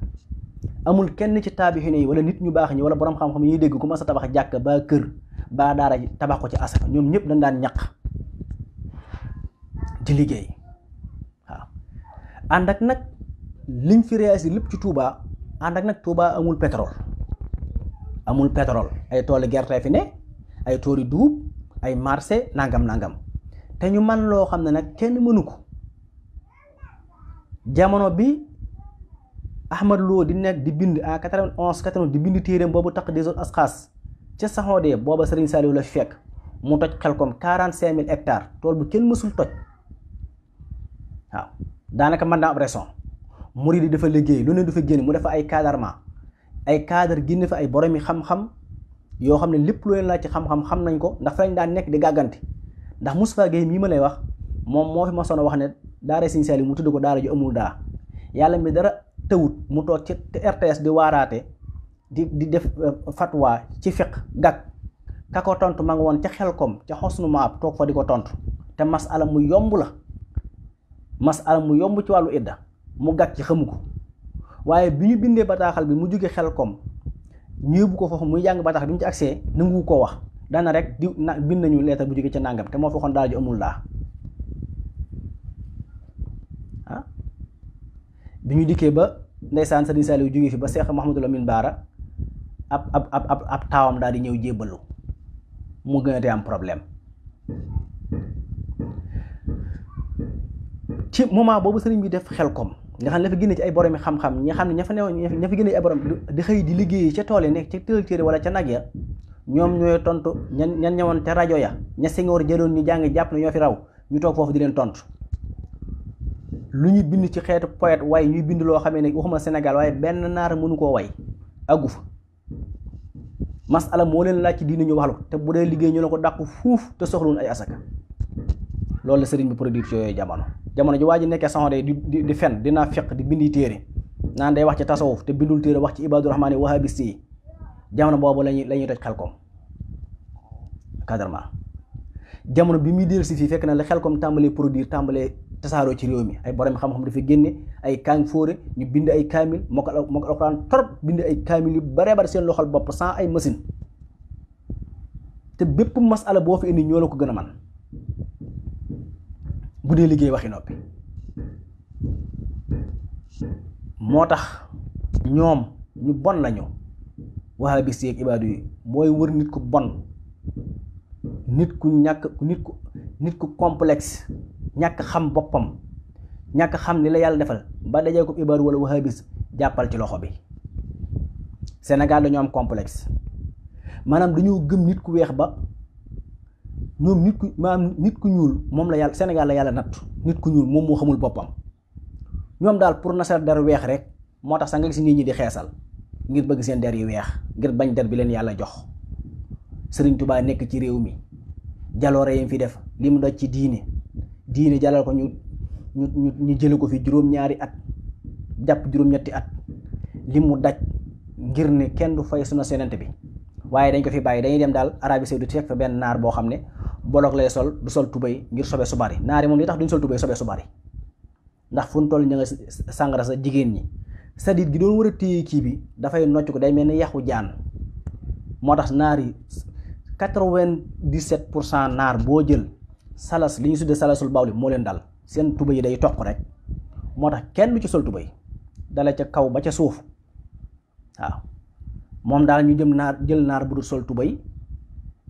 Speaker 1: amul kenn ci taabixine yi wala nit ñu baax ñi wala borom xam-xam yi dégg ku masa tabax jàkk ba kër ba daara ji tabax ko ci asaka ñoom ñëpp dañ daan ñaq di liggéey waaw ànd ak nag liñ fi réalisé lépp ci tuubaa ànd ak nag Touba amul pétrole amul pétrole ay tooli gerte fi ne ay tooli duub ay marché nangam nangam te ñu man loo xam ne nag kenn mënu ko jamono bi Ahmad loo di nekk di bind à 91 91 di bind téeréem boobu taq des zones asxaas ca saxoodee booba Serigne Saliou la fekk mu toj xel koom xelkom 45000 ectare tool bu kenn mësul toj waaw daanaka mën naa ab mu murid yi dafa liggéey lu ne dafa génn mu defa ay cadrement ay cadre génn fa ay boromi xam-xam yoo xam ne lépp loolu laa ci xam-xam xam nañ ko ndax fa lañ daan nekk di gàggante. ndax Moustapha Guèye mii ma lay wax moom moo fi ma soon wax ne daara Sëñ Saaliw mu tudd ko daara ju amul daa yàlla mi dara tëwut mu toog ci RTS di waaraate di di def euh, fatwa ci fiq gàkk ka ko tontu ma nga woon ca xelkom ca xosnu maab toog fa di ko tontu te masala mu yomb la masala mu yomb ci wàllu idda mu gàkk ci xamu ko waaye bi ñu bindee bataaxal bi mu jóge xelkom ñëw bu ko foofu muy jàng bataax bi mu ci agsee nangu ko wax dana rek di na bind nañu leetar bu jógee ca nàngam te moo fi waxoon daal ji amul laa ah? bi ñu dikkee ba ndeysaan Sëriñ Saliou jóge fi ba Seex Mahamadul Amin Baara ab ab ab taawam daal di ñëw jébbalu mu gën a am problème ci moment boobu sëriñ bi def xel kom nga xam ne xam-xam ñi xam ne ña fa newoon ña fa génne ci ay borom di xëy di liggéey ca tool yi nekk ca tëral téere wala ca nag ya ñoom ñooy tontu ñan ñan ñëwoon ca rajo ya ña Senghor jëloon ñu jàng jàpp na ñoo fi raw ñu toog foofu di leen tontu lu ñuy bind ci xeetu poète waaye ñuy bind loo xamee ne waxuma senegal waaye benn naar mënu koo way àggu fa masala moo leen laaj ci diine ñu waxlu te bu dee liggéey ñu la ko dàq fuuf te soxluwun ay asaka loolu la sëriñ bi produire yooyu jamono jamono ji waa ji nekkee saxonde di di fen dinaa feq di bindi téere naan day wax ci tasawuf te bindul téere wax ci ibadurahmaani wahabiste yi jamono boobu lañuy la xel toj xelkom jamono bi muy dellu si fii fekk na xel xelkom tàmbalee produire tàmbalee tasaaroo ci réew mi ay borom xam-xam dafa génne ay kaang fóore ñu bind ay kaamil moo ko moo ko bind ay kaamil yu bare bare seen loxol bopp sans ay machine te bépp masala boo fi indi ñoo la ko gën a man bu dee liggéey waxi noppi moo tax ñoom ñu bon lañu wahabis yeeg ibaadu yi mooy wër nit ku bon nit ku ñàkk nit ku nit ku complexe ñàkk xam boppam ñàkk xam ni la yàlla defal ba dajee ko ibaadu wala wahabis jàppal ci loxo bi Sénégal dañoo am complexe maanaam dañoo gëm nit ku weex ba ñoom nit ku maanaam nit ku ñuul moom la yàlla Sénégal la yàlla natt nit ku ñuul moom moo xamul boppam ñoom daal pour nasar dara weex rek moo tax sa nga gis nit ñi di xeesal ngir bëgg seen der yu weex ngir bañ der bi leen yàlla jox sëriñ tubaa nekk ci réew mi jaloore yi mu fi def li mu daj ci diine diine jalal ko ñu ñu ñu jële ko fi juróom-ñaari at jàpp juróom-ñetti at li mu daj ngir ne kenn du fay suna senante bi waaye dañ ko fi bàyyi dañuy dem daal Arabie Saoudite fekk fa benn naar boo xam ne bolok lay sol du sol tubéy ngir sobe su bari naar moom li tax duñ sol tubéy sobe su bari ndax fu ñu toll ña sàngara sa jigéen ñi sadit gi doon war a téye kii bi dafay nocc ko day mel ni yaxu jaan moo tax naar yi quatre vingt dix pour cent naar boo jël salas li ñu tuddee salasul bawli moo leen dal seen tuba yi day toq rek moo tax kenn du ci sol tuba dala ca kaw ba ca suuf waaw moom daal ñu jëm naar jël naar bu du sol tuba yi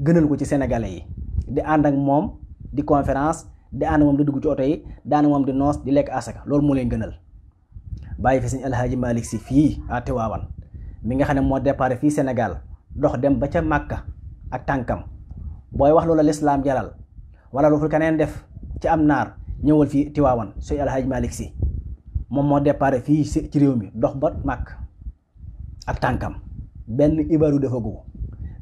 Speaker 1: gënal ko ci sénégalais yi di ànd ak moom di conférence di ànd moom di dugg ci oto yi di moom di noos di lekk asaka loolu moo leen gënal bàyyi fi sëñ alxaaji Malick si fii à Tiwaawan mi nga xam ne moo départ fii Sénégal dox dem ba ca Màkka ak tànkam booy wax loola lislaam jaral wala lu fu keneen def ci am naar ñëwal fii Tiwaawan sëñ alxaaji Malick si moom moo départ fii si ci réew mi dox ba Màkk ak tànkam benn ibaru defagu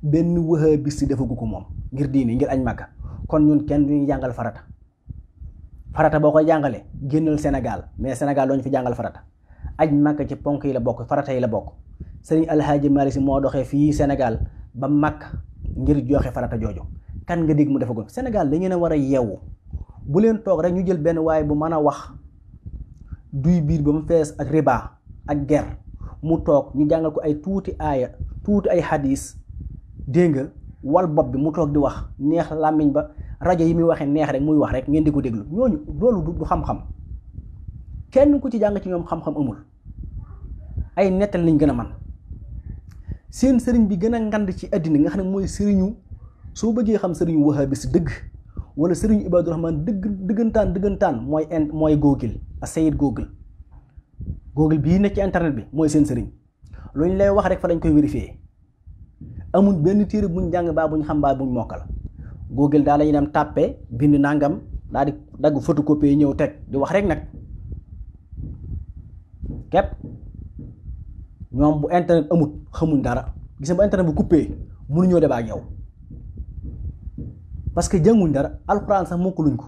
Speaker 1: benn wahabis si defagu ko moom ngir diini ngir añ Màkka kon ñun kenn duñu jàngal farata farata boo koy jàngale génnal Sénégal mais Sénégal dooñu fi jàngal farata aj màkk ci ponk yi la bokk farata yi la bokk sëriñ alhaaji Malick Sy moo doxee fii Sénégal ba màkk ngir joxe farata jooju kan nga dégg mu defagul Sénégal dañu ne war a yeewu bu leen toog rek ñu jël benn waaye bu mën a wax duy biir ba mu fees ak riba ak ger mu toog ñu jàng ko ay tuuti aaya tuuti ay xadis dégg nga wal bopp bi mu toog di wax neex làmmiñ ba rajo yi muy waxee neex rek muy wax rek ngeen di ko déglu ñooñu loolu du xam-xam kenn ku ci jàng ci ñoom xam-xam amul ay nettal lañ gën a man seen sëriñ bi gën a ngand ci àddina nga xam ne mooy sëriñu soo bëggee xam sëriñu wahabis dëgg wala sëriñu Ibaadu Rahmaan dëgg dëggantaan dëggantaan mooy mooy Google a sayid Google bii nekk ci internet bi mooy seen sëriñ lu ñu lay wax rek fa lañ koy vérifier amul benn téere buñ jàng baa buñ xam baa buñ mokkal Google daal lañu dem tàppe bind nangam daal di dagg photocopie ñëw teg di wax rek nag képp ñoom bu internet amut xamuñ dara gis nga bu internet bu coupé mënuñoo débat ak yow parce que jànguñ dara alxuraan sax mokkaluñ ko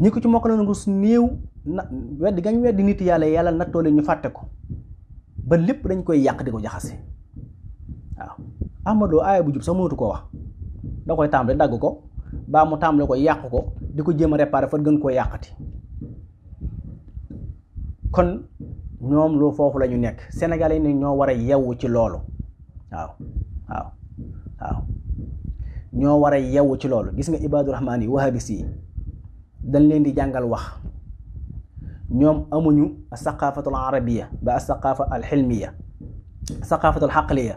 Speaker 1: ñi ko ci mokkaloon ko su néew na weddi gañ weddi nit yàlla yàlla nag nattoo leen ñu fàtte ko ba lépp dañ koy yàq di ko jaxase waaw Amadou aaya bu jub sax mënatu koo wax da koy tàmbale dagg ko baa mu taam tàmbale ko yàq ko di ko jéem a réparé gën koo yàqati. kon ñoom lu foofu la ñu nekk senegal yi ñoo war a yeewu ci loolu waaw waaw ñoo war a yeewu ci loolu gis nga ibaadu rahmaan yi wahabis yi dañ leen di jàngal wax ñoom amuñu asaqaafatul arabiya ba asaqaafa al xilmiya asaqaafatul xaqliya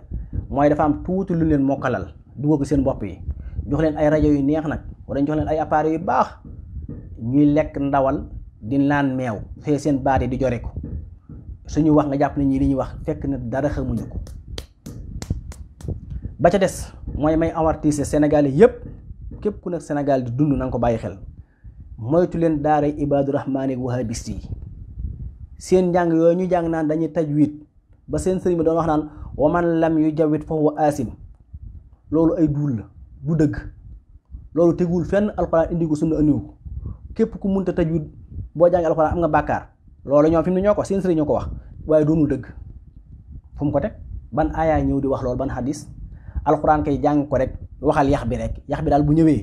Speaker 1: mooy dafa tuuti lu leen mokkalal dugg ko seen bopp yi jox leen ay rajo yu neex nag wala jox leen ay appareils yu baax ñuy lekk ndawal di naan meew fee seen baat yi di jore ko suñu wax nga jàpp nañ ñii li ñuy wax fekk na dara xamuñu ko ba ca des mooy may avertir Sénégalais yépp képp ku nekk Sénégal di dund na ko bàyyi xel moytu leen daaray ibaadu rahmaani wahabist yi seen njàng yooyu ñu jàng naan dañuy tajwid ba seen sëriñ bi doon wax naan waman lam yu jawwit fa huwa asim loolu ay duul la bu dëgg loolu teguwul fenn alxuraan indi ko sunna aniwu képp ku munta tajwid boo jàngi alxuraan am nga bàkkaar loolu ñoom fi mu ñoo ko seen sëriñ ñoo ko wax waaye doonul dëgg fu mu ko teg ban aaya ñëw di wax loolu ban xadis alxuraan kay jàng ko rek waxal yax bi rek yax bi daal bu ñëwee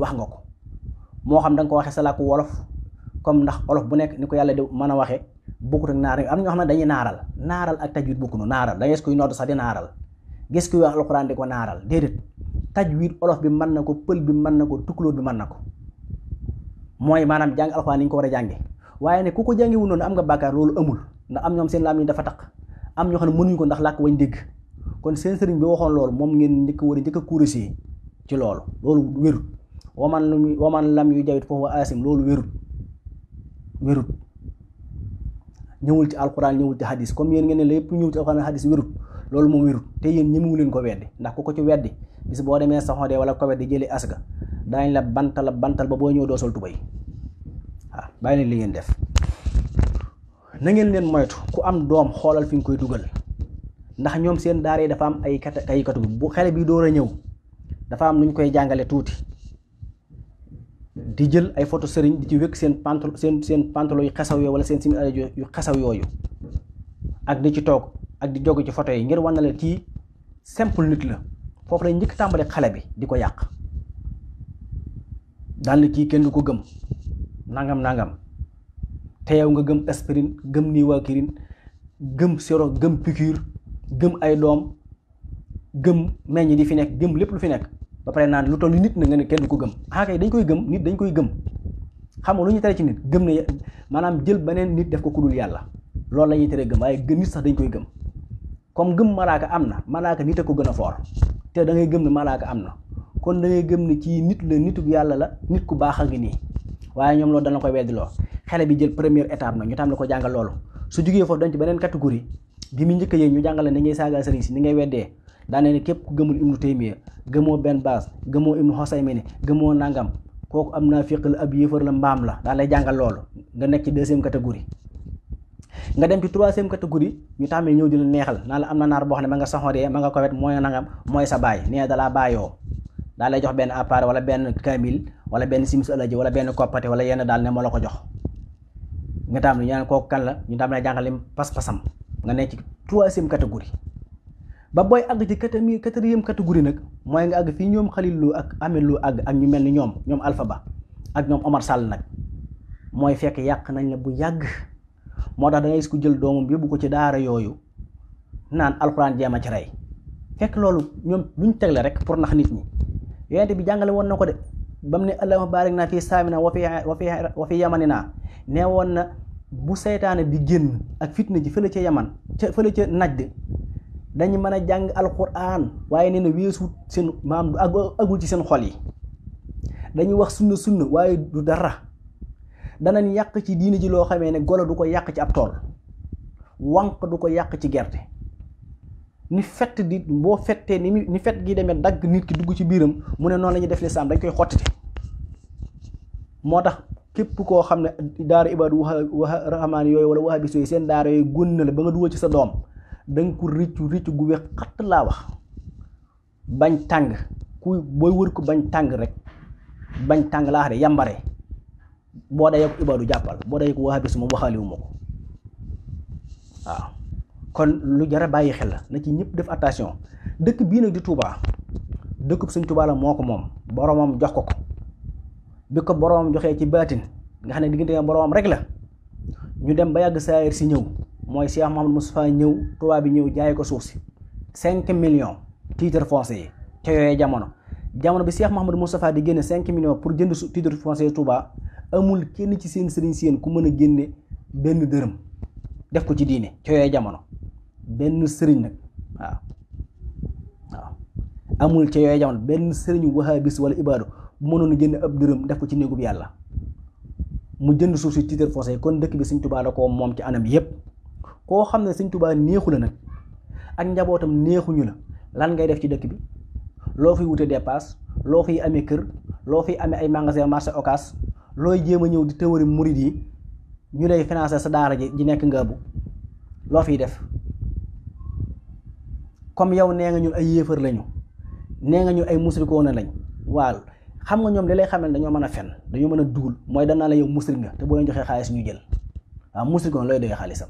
Speaker 1: wax nga ko moo xam da nga ko waxee salaaku wolof comme ndax olof bu nekk ni ko yàlla di mën a waxee bokkut ak naar am ñoo xam ne dañuy naaral naaral ak tajwid bokkunu naaral da ngay gis kuy nodd sax di naaral gis kuy wax alxuraan di ko naaral déedéet tajwid olof bi mën na ko pël bi mën na ko tukulóor bi mën na ko mooy maanaam jàng alxuraan ni ñu ko war a jànge waaye ne ku ko jànge wu noonu am nga bàkkaar loolu amul ndax am ñoom seen am yi dafa taq am ñoo xam ne mënuñu ko ndax làkk wañ dégg kon seen sëriñ bi waxoon loolu moom ngeen njëkk war a njëkk a kurési ci loolu loolu wérut waman lu waman lam yu jawit foofu wa asim loolu wérut wérut ñëwul ci alxuraan ñëwul ci hadis comme yéen ngeen ne lépp ñëw ci alxuraan hadis wérut loolu te yéen ñemewu leen ko weddi ndax ku ko ci weddi bis boo demee saxondee wala kowet di jëli aska daañ la bantal bantal ba boo ñëw doo sol tubay waaw ah, bàyyi leen li ngeen def na ngeen leen moytu ku am doom xoolal fi nga koy dugal ndax ñoom seen daara yi dafa am ay kat ay katu bu xale bi door a ñëw dafa am nu ñu koy jàngale tuuti di jël ay photo sëriñ di ci wékk seen pantalon seen seen pantalon yu xesaw yooyu wala seen simi rajo yu xesaw yooyu ak di ci toog ak di jog ci photo yi ngir wan na la kii simple la foofu lay njëkk tàmbale xale bi di ko yàq daan la kenn du ko gëm nangam te yow nga gëm aspirine gëm niwakirin gëm siro gëm piqûre gëm ay doom gëm meññ di fi nekk gëm lépp lu fi nekk ba naan lu toll nit na nga ne kenn du gëm ah dañ koy gëm nit dañ koy gëm xam nga lu ñu tere ci nit gëm na maanaam jël beneen nit def ko kudul yàlla loolu la ñuy tere gëm waaye nit sax dañ koy gëm. comme gëm malaaka am na malaaka nit a ko gën a foor te da ngay gëm ne malaaka am na kon da gëm ne ci nit la nituk yàlla la nit ku baax a ngi nii waaye ñoom loolu dana koy weddi loo xale bi jël première étape na ñu tam la ko jàngal loolu su jugee foofu dañ ci beneen catégorie bi mu njëkk a ñu jàngale ni ngay saaga sëriñ si ni ngay weddee daane ne képp ku gëmul ibnu taymiya gëmoo benn baas gëmoo ibnu xosaymi ne gëmoo nangam kooku am naa féq la ab yéefar la mbaam la daa lay jàngal nga nekk ci deuxième catégorie nga dem ci troisième catégorie ñu tàmmee ñëw di la neexal naa la am na naar boo xam ne ma nga saxoree ma nga ko wet mooy nangam mooy sa baay nee dalaa baayoo daa lay jox benn appareil wala benn kamil wala benn simis ëllëji wala benn koppate wala yenn daal ne moo la ko jox nga taam ñu naan kooku kan la ñu taam la jàngale pas-pasam nga nekk ci troisième catégorie ba booy àgg ci quatrième quatrième catégorie nag mooy nga àgg fii ñoom xalil lu ak amel lu àgg ak ñu mel ni ñoom ñoom Alpha Ba ak ñoom Omar Sall nag mooy fekk yàq nañ la bu yàgg moo tax da ngay gis jël doomam yóbbu ko ci daara yooyu naan alxuraan jéem a ci rey fekk loolu ñoom luñ tegle rek pour nax nit ñi yonent bi jàngale woon na ko de bam mu ne allahumma barik naa fii saamina wa fii naa nee woon na bu seytaane di génn ak fitna ji fële ca yaman ca fële ca najd dañu mën a jàng alxuraan waaye nee na weesu seen maam du agul ci seen xol yi dañuy wax sunna sunna waaye du dara danañ yàq ci diine ji loo xamee ne golo du ko yàq ci ab tool wànq du ko yàq ci gerte ni fett di boo fettee ni ni fett gi demee dagg nit ki dugg ci biiram mu ne noonu la ñuy def lislaam dañ koy xottite moo tax képp koo xam ne daara ibaadu wax rahmaan yooyu wala wahabis yooyu seen daara yooyu gón na la ba nga dugal ci sa doom danga ko riccu riccu gu weex xatt laa wax bañ tàng ku booy wër ko bañ tàng rek bañ tàng laa xam ne yambare boo dajee ak ibaadu jàppal boo dajee ak wahabis moom waxaaliwu ma ko waaw kon lu jar a bàyyi xel la na ci ñëpp def attention dëkk bii nag di tuubaa dëkkub Sëñ Touba la moo ko moom boromam jox ko ko bi ko boromam joxee ci baatin nga xam ne diggante boromam rek la ñu dem ba yàgg saayir si ñëw mooy Cheikh Mouhamadou Moustapha ñëw Touba bi ñëw jaay ko suuf si cinq millions titre foncier yi ca yooyee jamono jamono bi Cheikh Mouhamadou Moustapha di cinq millions pour jënd titre foncier Touba amul kenn ci seen sëriñ seen ku mën a génne benn dërëm def ko ci diine ci yooyu jamono benn sëriñ nag waaw waaw amul ci yooyu jamono benn sëriñ wahabis wala ibaadu bu mënoon a génne ab dërëm def ko ci néegub yàlla mu jënd suuf si titre foncier kon dëkk bi sëñ tubaa da moom ci anam yépp koo xam ne sëñ tubaa neexu la nag ak njabootam neexuñu la lan ngay def ci dëkk bi loo fiy wute dépasse loo fiy amee kër loo fiy amee ay magasin marché occas looy jéem a ñëw di théorie murid yi ñu lay financer sa daara ji ji nekk nga bu loo fiy def comme yow nee nga ñun ay yéefar lañu nee nga ñu ay musrikoona lañ waaw xam nga ñoom li lay xamal dañoo mën a fen dañoo mën a duul mooy danaa la yow musrik nga te boo leen joxee xaalis ñu jël waaw musrikoona looy doyee xaalisam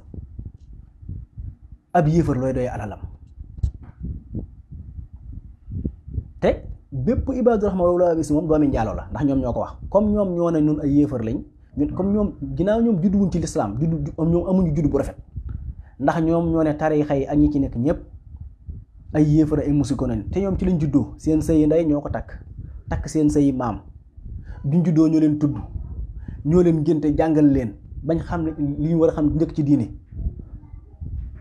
Speaker 1: ab yéefar looy doy alalam te bépp ibaadu rahma wala abisi moom doomi njaaloo la ndax ñoom ñoo ko wax comme ñoom ñoo ne ñun ay yéefar lañ ñun comme ñoom ginnaaw ñoom judd wuñ ci lislaam judd ñoom amuñu judd bu rafet ndax ñoom ñoo ne tariixa yi ak ñi ci nekk ñëpp ay yéefar ay musiko nañ te ñoom ci lañ juddoo seen sëyi ndey ñoo ko takk takk seen sëyi maam duñ juddoo ñoo leen tudd ñoo leen ngénte jàngal leen bañ xam ne li ñu war a xam njëkk ci diini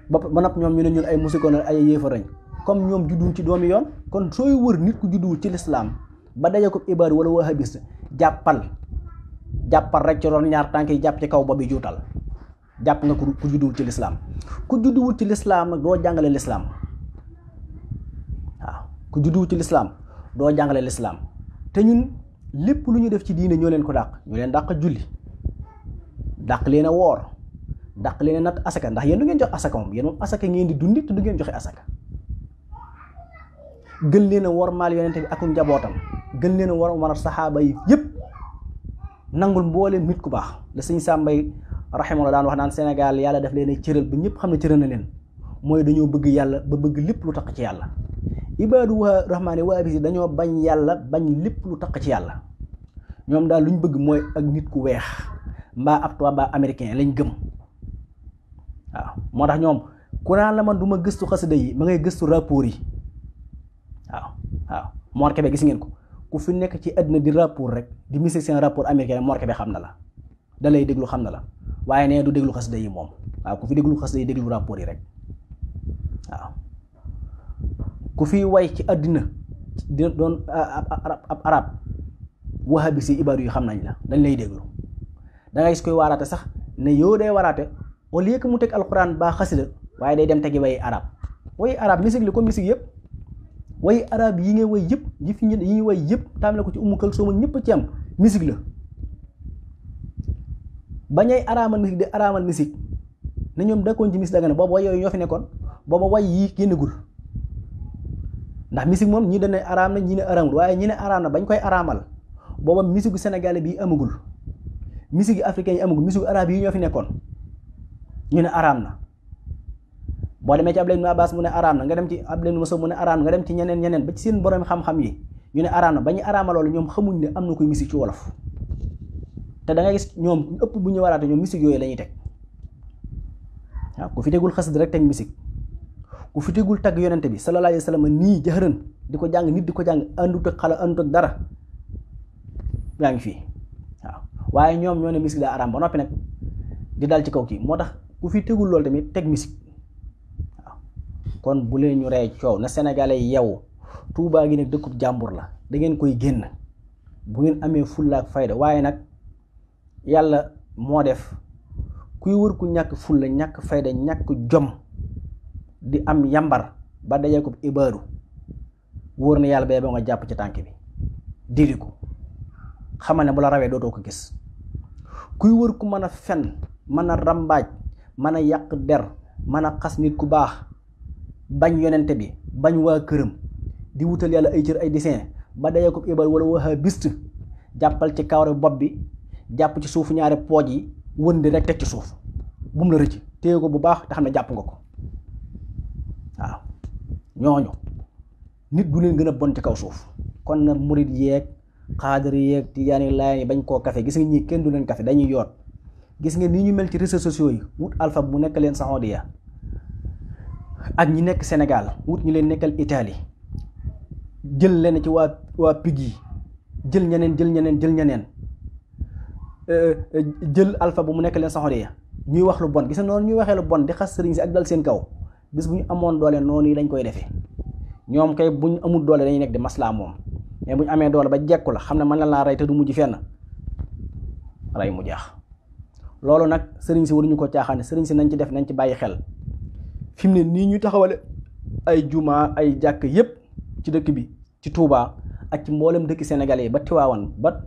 Speaker 1: ba ba nopp ñoom ñu ne ñun ay musiko nañ ay yéefar lañ comme ñoom judduwuñ ci doomi yoon kon sooy wër nit ku judduwul ci lislaam ba daje ko ibaadu wala wahabis jàppal jàppal rek ci ron ñaar tànk yi jàpp ci kaw ba bi juutal jàpp nga ku judduwul ci lislaam ku judduwul ci lislaam nag doo jàngale lislaam waaw ku judduwul ci lislaam doo jàngale lislaam te ñun lépp lu ñu def ci diine ñoo leen ko dàq ñu leen dàq julli dàq leen a woor dàq leen a natt asaka ndax yéen du ngeen jox asaka moom yéen moom asaka ngeen di dundi te du ngeen joxe asaka gën leen a wormaal yonente bi akum njabootam gën leena a war war saxaaba yi yëpp nangul mbooleem nit ku baax la sëñ sàmbay raximala daan wax naan Sénégal yàlla def leen a cëral ba ñëpp xam ne cëral na leen mooy dañoo bëgg yàlla ba bëgg lépp lu taq ci yàlla ibaadu wa rahmaani dañoo bañ yàlla bañ lépp lu takk ci yàlla ñoom daal lu bëgg mooy ak nit ku weex mbaa ab tubaab mbaa américain lañ gëm waaw moo tax ñoom ku naa la man du ma gëstu xasida yi ma ngay gëstu rapport yi waaw waaw Mor Kébé gis ngeen ko ku fi nekk ci àddina di rapport rek di misé seen rapport américain Mor Kébé xam na la da lay déglu xam na la waaye nee du déglu xasida yi moom ku fi déglu xasida yi déglu rapport yi fi way ci àddina di doon ab arab wahabi si ibaadu yi xam nañ la dañ lay déglu da ngay gis koy waaraate sax ne yow day waaraate au lieu mu teg alxuraan baa xasida waaye day dem tegi wayi arab wayi arab musique li ko musique yëpp way arab yi ngay way yëpp yi fi ñu yi ñuy way yëpp taamale ko ci Umu Kalsum ak ñëpp a ci am musique la bañay araamal musique di araamal musique ne ñoom dakkoon ci mis dagana boobu way yooyu ñoo fi nekkoon booba way yii génnagul ndax musique moom ñii dana araam na ñi ne araamul waaye ñi ne araam na bañ koy araamal booba musique sénégalais bi amagul musique africain yi amagul musique arab yi ñoo fi nekkoon ñu ne araam na boo demee ci Abdullah ibn mu ne araam na nga dem ci Abdullah ibn Mas'ud mu ne araam na nga dem ci ñeneen ñeneen ba ci seen borom xam-xam yi ñu ne araam ba ñu araama loolu ñoom ne am na koy misik ci wolof te da ñoom ëpp bu ñu waraate ñoom misik yooyu la ñuy teg waaw ku fi rek teg misik ku fi tegul tagg bi sallallahu alayhi wa sallam nii jaxëran di ko jàng nit di ko jàng àndut ak xala àndut ak dara yaa ngi fii waaw waaye ñoom ñoo ne misik daa araam ba noppi nag di daal ci kaw kii moo tax ku fi tegul loolu tamit teg misik kon bu leen ñu rey coow na sénégalais yi yow Touba gi ne dëkkub jàmbur la dangeen koy génn bu ngeen amee fulla ak fayda waaye nag yàlla moo def kuy wër ku ñàkk fulla ñàkk fayda ñàkk jom di am yambar ba dajee ko ibaaru wóor na yàlla bee ba nga jàpp ci tànk bi diri ko xamal ne bu la rawee dootoo ko gis kuy wër ku mën a fen mën a rambaaj mën a yàq der mën a xas nit ku baax bañ yonente bi bañ waa këram di wutal yàlla ay cër ay dessin ba dayee ko ibal wala wahabiste jàppal ci kawre bopp bi jàpp ci suufu ñaari pooj yi wëndi rek te ci suuf bu la rëcc téye ko bu baax te xam ne jàpp nga ko waaw ñooñu nit du leen gën a bon ci kaw suuf kon na murit yeeg xaadar yeeg tiyaani laay yi bañ koo kafe gis nga ñii kenn du leen kafe dañuy yoot gis nga ni ñu mel ci réseaux sociaux yi wut alpha bu nekk leen saxoodiya ak ñi nekk Sénégal wut ñu leen nekkal Italie jël leen ci waa waa pig yi jël ñeneen jël ñeneen jël ñeneen euh, jël alpha bu mu nekk leen ya ñuy wax lu bon gis na noonu ñuy waxee lu bon di xas sëriñ si ak dal seen kaw bis bu ñu amoon doole noonu yi lañ koy defee ñoom kay bu ñu amul doole lañu nekk di maslaa moom mais bu ñu amee doole ba jekku la xam ne man na laa rey te du mujj fenn rey mu jeex loolu nag sëriñ si waruñu ko caaxaane sëriñ si nañ ci def nañ ci bàyyi xel. fi mu ne nii ñu taxawale ay juma ay jàkk yépp ci dëkk bi ci Touba ak ci mboolem dëkk sénégalais ba Tiwaawan ba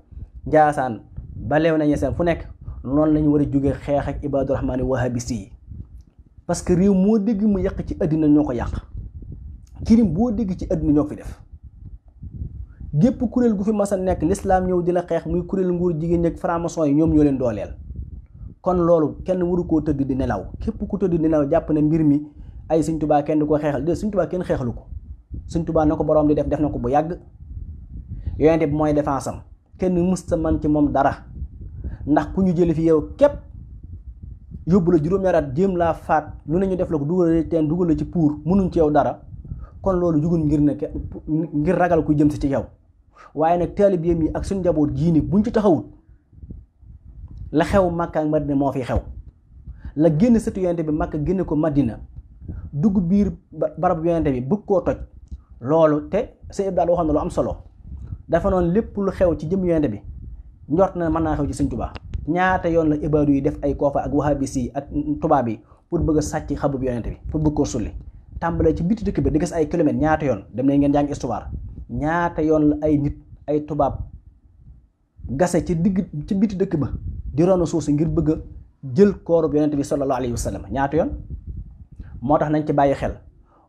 Speaker 1: Njaasaan ba leew nañu seen fu nekk noonu lañu war a jógee xeex ak ibaadu rahmaani wahabis yi parce que réew moo dégg mu yàq ci àddina ñoo ko yàq kirim boo dégg ci àddina ñoo fi def gépp kuréel gu fi mas a nekk lislaam ñëw di la xeex muy kuréel nguur jigéen ñi ak franc yi ñoom ñoo leen dooleel kon loolu kenn waru koo tëdd di nelaw képp ku tëdd di nelaw jàpp ne mbir mi ay Sëñ Tuubaa kenn du ko xeexal de Sëñ Tuubaa kenn xeexalu ko Sëñ Tuubaa na ko boroom di def def na ko bu yàgg yonente bi mooy défense am kenn musta man ci moom dara ndax ku ñu jële fi yow képp yóbbu juróom-ñaari at laa faat lu ne ñu def la ko dugal teen dugal la ci pour mënuñ ci yow dara kon loolu jugul ngir ne ngir ragal ku jëm si ci yow waaye nag taalibeem yi ak suñ njaboot jii ni buñ ci taxawut la xew Makka ak Madina moo fi xew la génn sëtu yonente bi Makka génne ko Madina dugg biir barabu yonente bi bëgg koo toj loolu te sëñ Abdou daal waxoon na lu am solo dafa noonu lépp lu xew ci jëm yonente bi njort na mën naa xew ci sëñ Tuubaa ñaata yoon la ibaadu yi def ay koofa ak wahabis yi ak tubaab yi pour bëgg sàcc xabub yonente bi pour bëgg koo sulli tàmbalee ci biti dëkk bi di gis ay kilomètres ñaata yoon dem nañ ngeen jàng histoire ñaata yoon la ay nit ay tubaab gase ci digg ci biti dëkk ba di ronu suuf si ngir bëgg a jël koorub yonent bi solo alayhi wa sallam ñaata yoon moo tax nañ ci bàyyi xel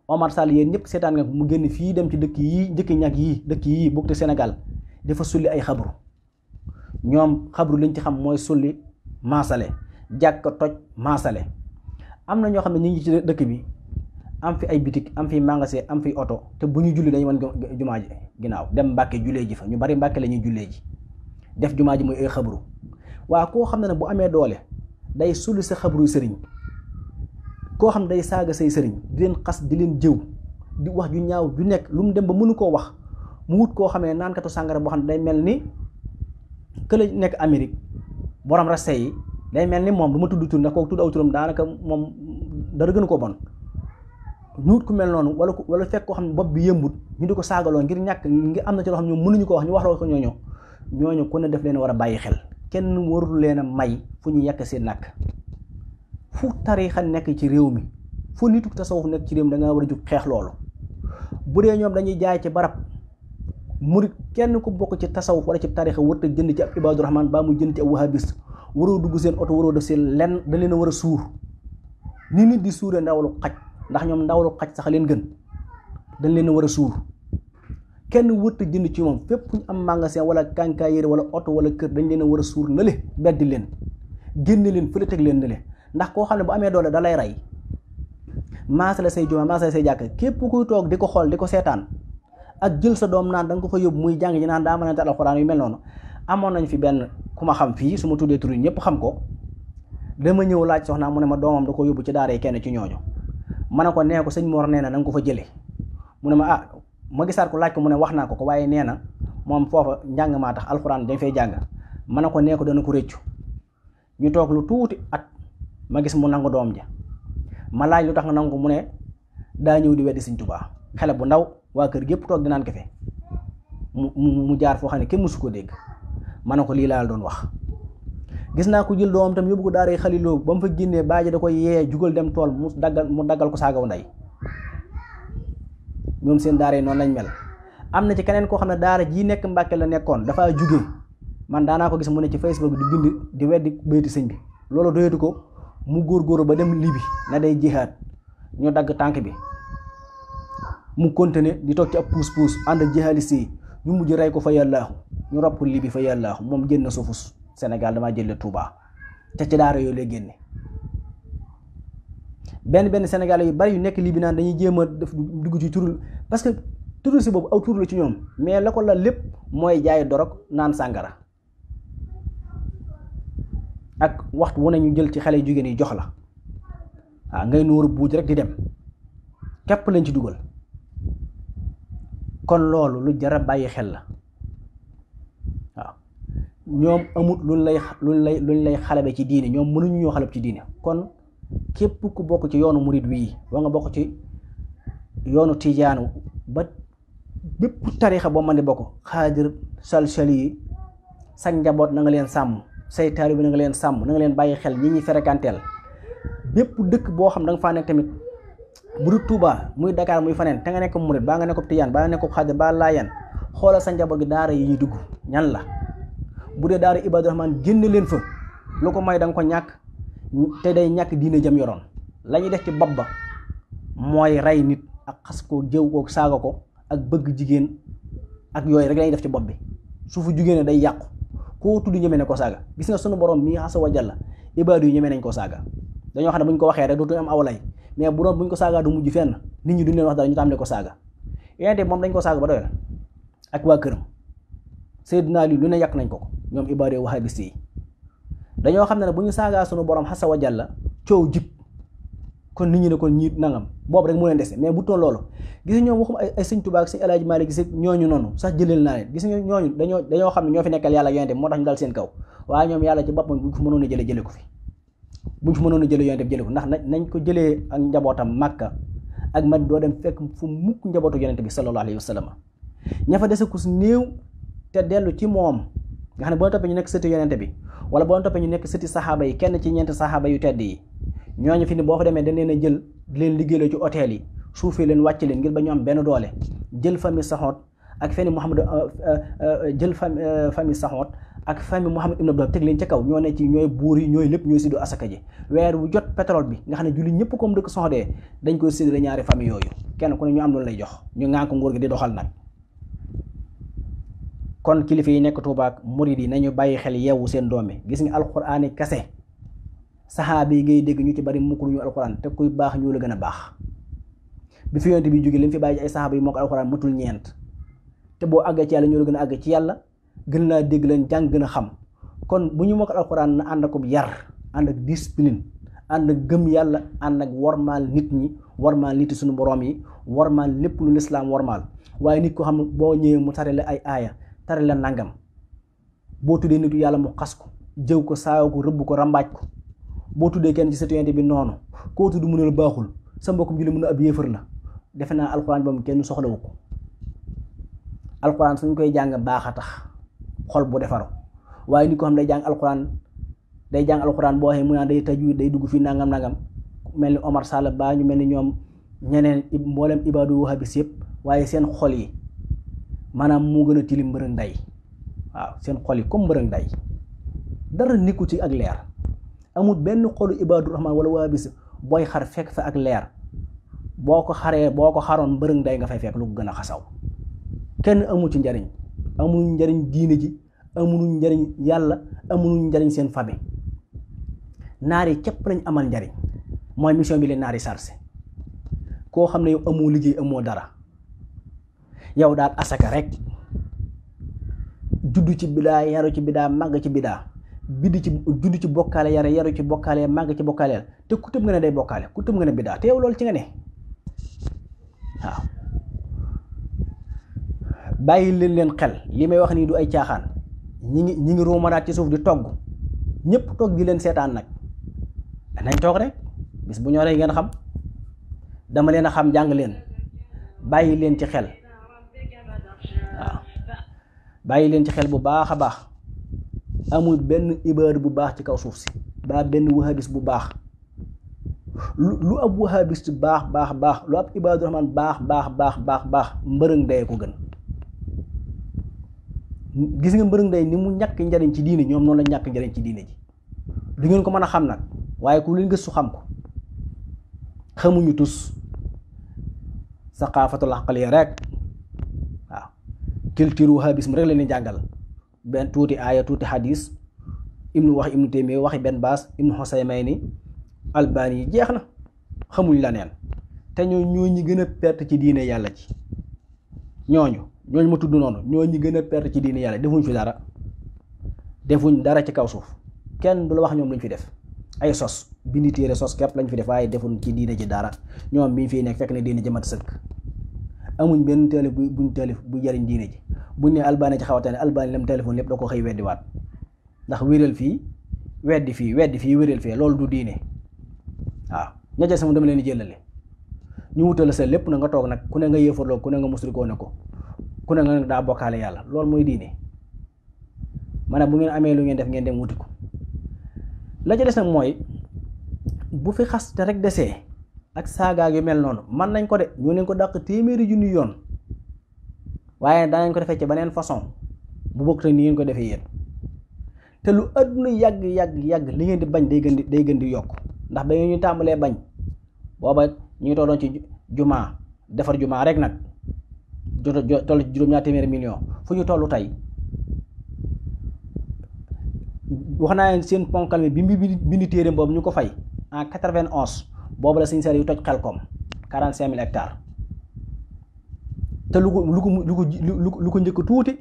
Speaker 1: Omar Sall yéen ñëpp seetaan nga mu génn fii dem ci dëkk yii njëkki ñag yi dëkk yi bokk te Sénégal dafa sulli ay xabru ñoom xabru liñ ci xam mooy sulli maasale jàkka toj maasale am na ñoo xam ne ñu ngi ci dëkk bi am fi ay bitik am fi magasin am fi oto te bu ñu julli dañu mën jumaa ji ginnaaw dem Mbàkke jullee ji fa ñu bari Mbàkke la ñuy jullee ji def jumaa ji muy ay xabru waa koo xam na ne bu amee doole day sulli sa xabru sëriñ koo xam ne day saaga say sëriñ di leen xas di leen jëw di wax ju ñaaw ju nekk lu mu dem ba mënu koo wax mu wut koo xam ne naankatu sàngara boo xam ne day mel ni këla nekk Amérique borom rasta yi day mel ni moom du ma tudd tur ndax kooku tudd aw turam daanaka moom dara gën ko bon ñuut ku mel noonu wala wala fekk koo xam ne bopp bi yëmbut ñu di ko saagaloo ngir ñàkk ngir am na ci loo xam ñoom mënuñu ko wax ñu wax loo ko ñooñoo ñooñu ku ne def leen war a bàyyi xel kenn warul leen a may fu ñu yàq seen làkk fu tariixa nekk ci réew mi fu nitu tasawuf nekk ci réew mi da ngaa war a jug xeex loolu bu dee ñoom dañuy jaay ci barab murit kenn ku bokk ci tasawu wala ci tariixa warut a jënd ci ab ibaadu rahmaan baa mu jënd ci ab wahabist waroo dugg seen oto waroo def seen lenn da leen a war suur ni nit di suuree ndawalu xaj ndax ñoom ndawalu xaj sax leen gën dañ leen a war a suur kenn wërta jënd ci moom fépp ku ñu am magasin wala kànkaay yére wala oto wala kër dañ leen a war a suur nële beddi leen génne leen fu fële teg leen nële ndax koo xam ne bu amee doole dalay lay rey maase la say jumaa maase la say jàkk képp kuy toog di ko xool di ko seetaan ak jël sa doom naan da nga ko fa yóbbu muy jàng ji naan daa mën a tal alxuraan yu mel noonu amoon nañ fi benn ku ma xam fii suma tuddee tur yi ñëpp xam ko dama ñëw laaj soxnaa mu ne ma doomam da ko yóbbu ci daara kenn ci ñooñu ma ne ko nee ko sëñ Mor nee na da nga ko fa jëlee ma gisaat ko laaj ko mu ne wax naa ko ko waaye nee na moom foofa njàng maa tax alxuraan dañ fay jàng ma ne ko nee ko dana ko réccu ñu toog lu tuuti at ma gis mu nangu doom ja ma laaj lu tax nga nangu mu ne daa ñëw di weddi Sëñ tubaa xale bu ndaw waa kër gépp toog di naan kafe mu mu jaar foo xam ne kenn mësu ko dégg ma ne ko lii laa doon wax gis naa ko jël doom tam yóbbu ko daaray xaliloo ba mu fa génnee baaji da ko yee jugal dem tool mu dagg mu daggal ko saagaw ndey ñoom seen daara yi noonu lañ mel am na ci keneen koo xam ne daara jii nekk Mbàkke la nekkoon dafaa jugee man daanaa ko gis mu ne ci Facebook di bind di weddi bayti sëñ bi loolu doyatu ko mu góorgóorlu ba dem Libi na day jihaad ñu dagg tànk bi mu continuer di toog ci ab puus-puus ànd ak jihaaliste yi ñu mujj rey ko fa yàllaahu ñu rob ko Libi fa yàllaahu moom génn suufus senegal damaa jëlee tuubaa te ci daara yooyu lay génne benn benn sénégalais yu bari yu nekk lii bi naan dañuy jéem a dugg ci turul parce que turul boobu aw tur la ci ñoom mais la ko la lépp mooy jaay dorog naan sàngara ak waxtu wu nañu jël ci xale yu jigéen yi jox la waaw ngay nuur buuj rek di dem képp lañ ci dugal kon loolu lu jara bàyyi xel la waaw ñoom amut luñ lay luñ lay luñ lay xalabe ci diine ñoom mënuñu ñoo xalab ci diine kon képp ku bokk ci yoonu murid wii wa nga bokk ci yoonu tijaanu ba bépp tarixa boo mën di bokk xaadir salsali yi sa njaboot na nga leen sàmm say taalibe na nga leen sàmm na leen bàyyi xel ñi ñi ferekanteel bépp dëkk boo xam da nga faa nekk tamit bu du Touba muy Dakar muy faneen te nga nekk murid baa nga nekk tijaan baa nga nekk xaadir baa laayeen xoolal sa njaboot gi daara yi ñuy dugg ñan la bu dee daara Ibaadu Rahmaan génn leen fa lu ko may danga ko ñàkk te day ñàkk diine jëm yoroon la ñuy def ci bopp ba mooy rey nit ak xas ko jëw ko saaga ko ak bëgg jigéen ak yooyu rek la def ci bopp bi suufu jigéen jugee ne day yàqu koo tudd ñeme ne ko saaga gis nga sunu borom mii xasa wa jalla ibaadu yi ñeme nañ ko saaga dañoo xam ne bu ñu ko waxee rek dootuñu am awlay mais bu doon bu ñu ko saagaa du mujj fenn nit ñi duñ leen wax dara ñu tam ne ko saaga yonente moom dañ ko saaga ba doyal ak waa këram Seydina Ali lu ne yàq nañ ko ko ñoom ibaadu wahabis yi dañoo xam ne ne bu ñu saagaa sunu borom xasa wa jàlla coow jib kon nit ñi ne kon ñi nangam boobu rek mu leen dese mais bu toon loolu gis ñoom waxum ay sëñ Tuubaa ak maa Alaaji Maalik ñoo ñu noonu sax jëlee naa leen gis nga ñooñu dañoo dañoo xam ne ñoo fi nekkal yàlla yonente bi moo tax ñu dal seen kaw waaye ñoom yàlla ci boppam buñ ko mënoon a jëlee jëlee ko fi buñ mënoon jëlee yonente bi jëlee ko ndax nañ ko jëlee ak njabootam Màkka ak man doo dem fekk fu mukk njabootu yonente bi sallallahu alayhi wa sallam ña fa dese ku néew te dellu ci moom nga xam ne boo toppee ñu nekk sëtu yonente bi wala boo toppee ñu nekk sëti saxaaba yi kenn ci ñeenti saxaaba yu tedd yi ñooñu fi ni boo fa demee da leen jël di leen liggéeyloo ci hôtel yi suufee leen wàcc leen ngir ba ñu am benn doole jël famille saxoot ak fenn Muhammad euh, euh, euh, jël famille saxoot ak famille Muhammad ibn Abdullah teg leen ca kaw ñoo ne ci ñooy buur yi ñooy lépp ñooy siddu asaka ji weer bu jot pétrole bi nga xam ne julli ñëpp comme dëkk soxdee dañ koy séddale ñaari famille yooyu kenn ku ne ñu am loolu lay jox ñu ngaa ko nguur gi di doxal nag kon kilifa yi nekk Tuuba ak murid yi nañu bàyyi xel yeewu seen doome gis nga alxuraani kase saxaaba yi ngay dégg ñu ci bari mukkul ñu alxuraan te kuy baax ñoo la gën a baax bi fi yonent bi jógee li mu fi bàyyi ay saxaaba yi moo ko alxuraan matul ñeent te boo àggee ci yàlla ñoo la gën a àgg ci yàlla gën laa dégg leen jàng gën a xam kon bu ñu moo ko alxuraan na ànd akub yar ànd ak discipline ànd ak gëm yàlla ànd ak warmaal nit ñi warmaal nit suñu borom yi warmaal lépp lu lislaam warmaal waaye nit ko xam boo ñëwee mu tare ay aaya tari la nangam boo tuddee nitu yàlla mu xas ko jëw ko saayo ko rëbb ko rambaaj ko boo tuddee kenn ci citoyenneté bi noonu koo tudd mu ne baaxul sa mbokkum julli mu ne ab yéefar la defe naa alxuraan ba kenn soxlawu ko alxuraan suñ koy jàng baax a tax xol bu defaru waaye nit ko xam day jàng alxuraan day jàng alxuraan boo waxee mu naa day tajwid day dugg fii nangam nangam mel ni Omar Sall baa ñu mel ni ñoom ñeneen mboolem ibaadu wahabis yëpp waaye seen xol yi maanaam moo gën a tilim mbërëg nday waaw seen xol yi comme mbërëg nday dara nekku ci ak leer amul benn xolu ibaadu rahmaan wala waa bis booy xar fekk fa ak leer boo ko xaree boo ko xaroon mbërëg nday nga fay fekk lu gën a xasaw kenn amul ci njariñ amul njariñ diine ji amul njariñ yàlla amul njariñ seen famille naar yi képp lañ amal njariñ mooy mission bi leen naar yi sarse koo xam ne yow amoo liggéey amoo dara yow daal asaka rek juddu ci bidaa yaru ci bidaa màgg ci bidaa biddi ci juddu ci bokkaale yare yaru ci bokkaale màgg ci bokkaaleel te ku tëb nga ne day bokkaale ku tëb nga ne bidaa te yow loolu ci nga ne bàyyi leen leen xel li may wax nii ay caaxaan ñi ngi ñi ci suuf di togg ñëpp togg di leen seetaan nag danañ toog rek bis bu ñoree ngeen xam dama leen a xam jàng leen bàyyi leen ci xel bàyyi leen ci xel bu baax a baax amul benn ibaadu bu baax ci kaw suuf si baa benn wahabis bu baax lu ab wahabis baax baax baax lu ab ibaadu rahmaan baax baax baax baax baax mbërëng day ko gën gis nga mbërëng day ni mu ñàkk njariñ ci diine ñoom noonu la ñàkk njariñ ci diine ji du ngeen ko mën a xam nag waaye ku leen gëstu xam ko xamuñu tus saqaafatul aqliya rekk culture wahhabisme rek leen ñuy jàngal benn tuuti aaya tuuti hadis ibnu wax ibnu Taymiya waxi benn baas ibnu ni albani yi jeex na xamuñ la neen te ñoo ñoo ñi gën a perte ci diine yàlla ci ñooñu ñooñu ma tudd noonu ñoo ñi gën a perte ci diine yàlla defuñ fi dara defuñ dara ci kaw suuf kenn du la wax ñoom luñ fi def ay sos bindi téere sos képp lañ fi def waaye defuñ ci diine ji dara ñoom biñ fiy nekk fekk ne diine ji mat sëkk amuñ benn taalif bu buñ taalif bu jariñ diine ji buñ ne Albani ci xawataane Albani lam téléphone lépp da ko xëy weddi waat ndax wéral fii weddi fii weddi fii wéral fii loolu du diine waaw ña ca sama dama leen jëlale ñu wutal sa lépp na nga toog nag ku ne nga yéefarloo ku ne nga musrikoo ne ko ku ne nga daa bokkaale yàlla loolu mooy diine maanaam bu ngeen amee lu ngeen def ngeen dem wuti ko la ca des mooy bu fi xas te rek desee ak saagaag yu mel noonu mën nañ ko de ñoo leen ko dàq téeméeri junni yoon waaye danañ ko defee ci beneen façon bu bokk te ni ngeen ko defee yéen te lu adduna yàgg yàgg yàgg li ngeen di bañ day gën di day gën di yokk ndax ba ngeen ñu tàmbalee bañ booba ñu ngi tolloon ci defar jumaa rek nag jot a toll ci ñu toll tey wax naa leen seen ponkal mi bi mu bind téere boobu ñu ko fay en quatre-vingt-onze booba la sëñ Saliou toj xelkom 45 000 hectares te lu ko lu ko lu ko lu ko njëkk tuuti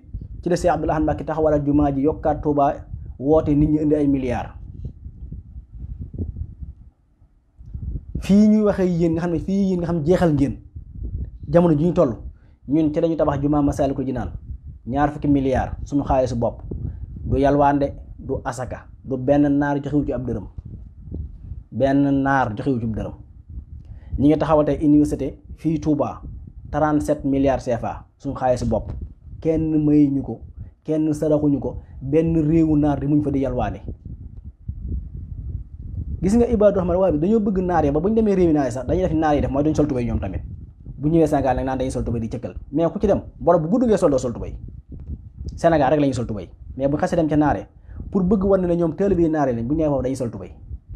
Speaker 1: ci la Cheikh Abdoul Ahad Mbacké taxawal jumaa ji yokkaat Touba woote nit ñi indi ay milliards fii ñuy waxee yéen nga xam ne fii yéen nga xam jeexal ngeen jamono ji ñu toll ñun ci lañu tabax jumaa Masaalikul naan ñaar fukki milliards suñu xaalisu bopp du yalwaande du asaka du benn naar joxewu ci ab benn naar joxewu jub dërëm ñi ngi taxawal tey université fii Touba 37 milliards CFA suñ xaalis si bopp kenn mayuñu ko kenn saraxuñu ko benn réewu naar di muñ fa di yalwaane gis nga Ibaadu Rahmaan waa bi dañoo bëgg naar yi ba bu ñu demee réewi naar yi sax dañuy def naar yi def mooy duñ sol tubéy ñoom tamit bu ñëwee Sénégal nag naan dañuy sol tubéy di cëkkal mais ku ci dem boro bu gudd ngay soldoo sol tubéy Sénégal rek la ñuy sol tubéy mais bu xasee dem ca naare pour bëgg war ne ñoom teel bi naare lañ bu ñu nee foofu dañuy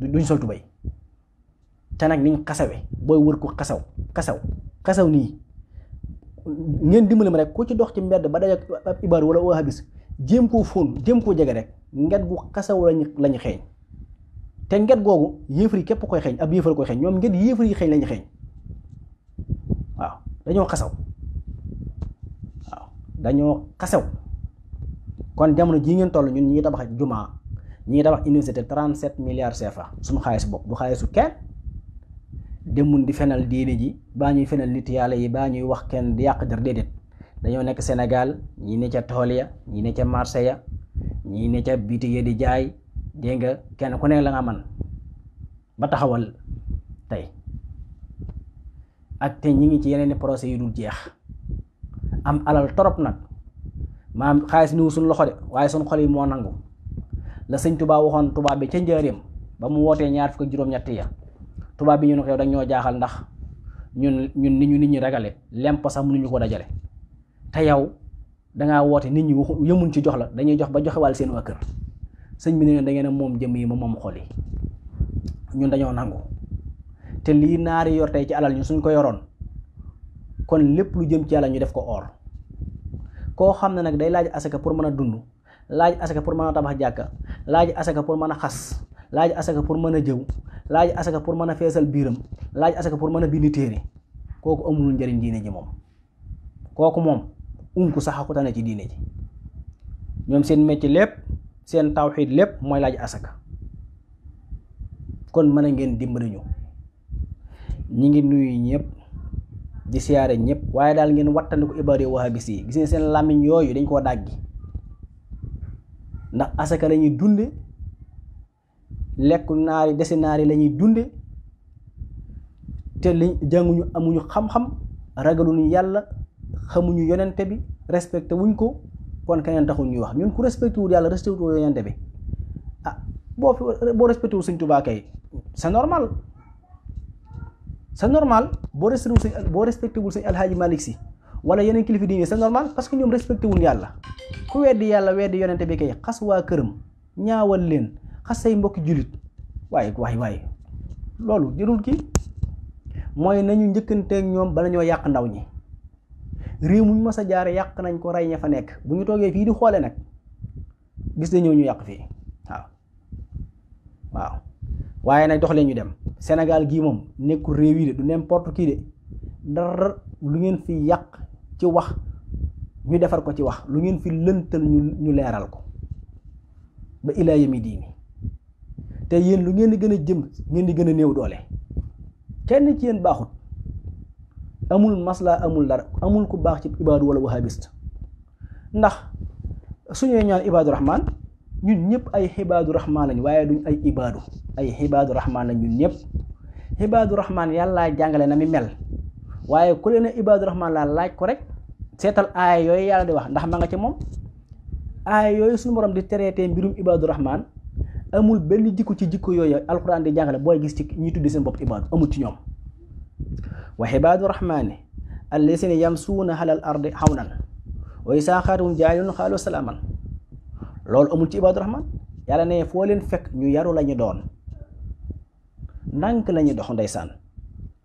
Speaker 1: duñ sol tubéy te nag niñ xasawe booy wër ko xasaw xasaw xasaw nii ngeen dimbali ma rek ku ci dox ci mbedd ba daje ak ibaar wala wahabis jéem koo fóon jéem koo jege rek nget gu xasaw lañu lañu xeeñ te nget googu yéefar yi képp koy xeeñ ab yéefar koy xeeñ ñoom nget yéefar yi xeeñ lañu xeeñ waaw dañoo xasaw waaw dañoo xasaw kon jamono jii ngeen toll ñun ñi tabax jumaa ñii tabax université 37 milliards CFA suñu xaalis bopp du xaalisu kenn demun di fenal diine ji baa ñuy fenal nit yàlla yi baa ñuy wax kenn di yàq der déedéet dañoo nekk Sénégal ñi ne ca tool ya ñii ne ca marché ya ñi ne ca biti ya di jaay dégg kenn ku ne la nga man ba taxawal tey ak te ñi ngi ci yeneen i procès yu dul jeex am alal torop nag maam xaalis niwu suñ loxo de waaye suñ xol yi moo nangu la sëñ Touba waxoon tubaab bi ca njaareem ba mu wootee ñaar fukk juróom-ñett ya Touba bi ñu ne ko yow dañ jaaxal ndax ñun ñun nit ñu nit ñi ragale lempo sax ñu ko dajale te yow dangaa woote nit ñi waxu yëmuñ ci jox la dañuy jox ba joxe seen waa kër sëñ bi ne da ngeen moom jëm yi moom xol ñun dañoo nangu te lii naari yor tey ci alal ñu suñ ko yoroon kon lépp lu jëm ci yàlla ñu def ko or koo xam ne nag day laaj asaka pour mën a dund laaj asaka pour mën a tabax jàkka laaj asaka pour mën a xas laaj asaka pour mën a jëw laaj asaka pour mën a feesal biiram laaj asaka pour mën a bindi téere kooku amul njëriñ diine ji moom kooku moom unku sax ku tane ci diine ji ñoom seen métier lépp seen tawxiid lépp mooy laaj asaka kon mën a ngeen dimbali ñu ñi ngi nuyu ñëpp di siyaare ñëpp waaye daal ngeen wattandiku ku wahabis yi gis ngeen seen làmmiñ yooyu dañ koo dàggi ndax asaka la ñuy dunde lekku naari dese naari la ñuy dunde te li jànguñu amuñu xam-xam ragaluñu yàlla xamuñu yonente bi respecté wuñ ko kon keneen taxul ñuy wax ñun ku respecté wul yàlla respecté wul yonente bi ah boo fi boo respecté wul sëñ Tuubaa kay sa normal c'est normal boo respecté wul sëñ boo respecté wul sëñ Alhaaji Malick Si wala yeneen kilifa diine c'est normal parce que ñoom respecté wuñ yàlla ku weddi yàlla weddi yonente bi kay xas waa këram ñaawal leen xas say mbokki jullit waaye waay waaye loolu jërul kii mooy nañu njëkkanteeg ñoom bala ñoo yàq ndaw ñi réew muñ mës a jaar yàq nañ ko rey ña fa nekk bu ñu toogee fii di xoole nag gis nañoo ñu yàq fii waaw waaye nag dox leen ñu dem Sénégal gii moom nekkul réew yi de du n'importe kii de dara lu ngeen fi yàq ci wax ñu defar ko ci wax lu ngeen fi lëntal ñu ñu leeral ko ba ilaa yemi diini te yéen lu ngeen di gën a jëm ngeen di gën a néew doole kenn ci yéen baaxut amul maslaa amul dara amul ku baax ci ibaadu wala wahabist ndax suñuy ñaan ibaadu rahmaan ñun ñëpp ay xibaadu rahmaan lañ waaye duñ ay ibaadu ay xibaadu raxmaan lañ ñun ñëpp xibaadu rahmaan yàlla jàngale na mi mel waaye ku leen a ibaadu rahmaan laa laaj ko rek seetal aaya yooyu yàlla di wax ndax ma nga ci moom aaya yooyu suñu borom di traité mbirum ibaadu rahmaan amul benn jikko ci jikko yooyu alxuraan di jàngale booy gis ci ñu tuddi seen bopp ibaadu amul ci ñoom wa ibaadu rahmaani allasina yamsuuna alal ardi hawnan wa isaa xaatum jaayilun xaalu salaaman loolu amul ci ibaadu rahmaan yàlla ne foo leen fekk ñu yaru la ñu doon ndànk la dox ndeysaan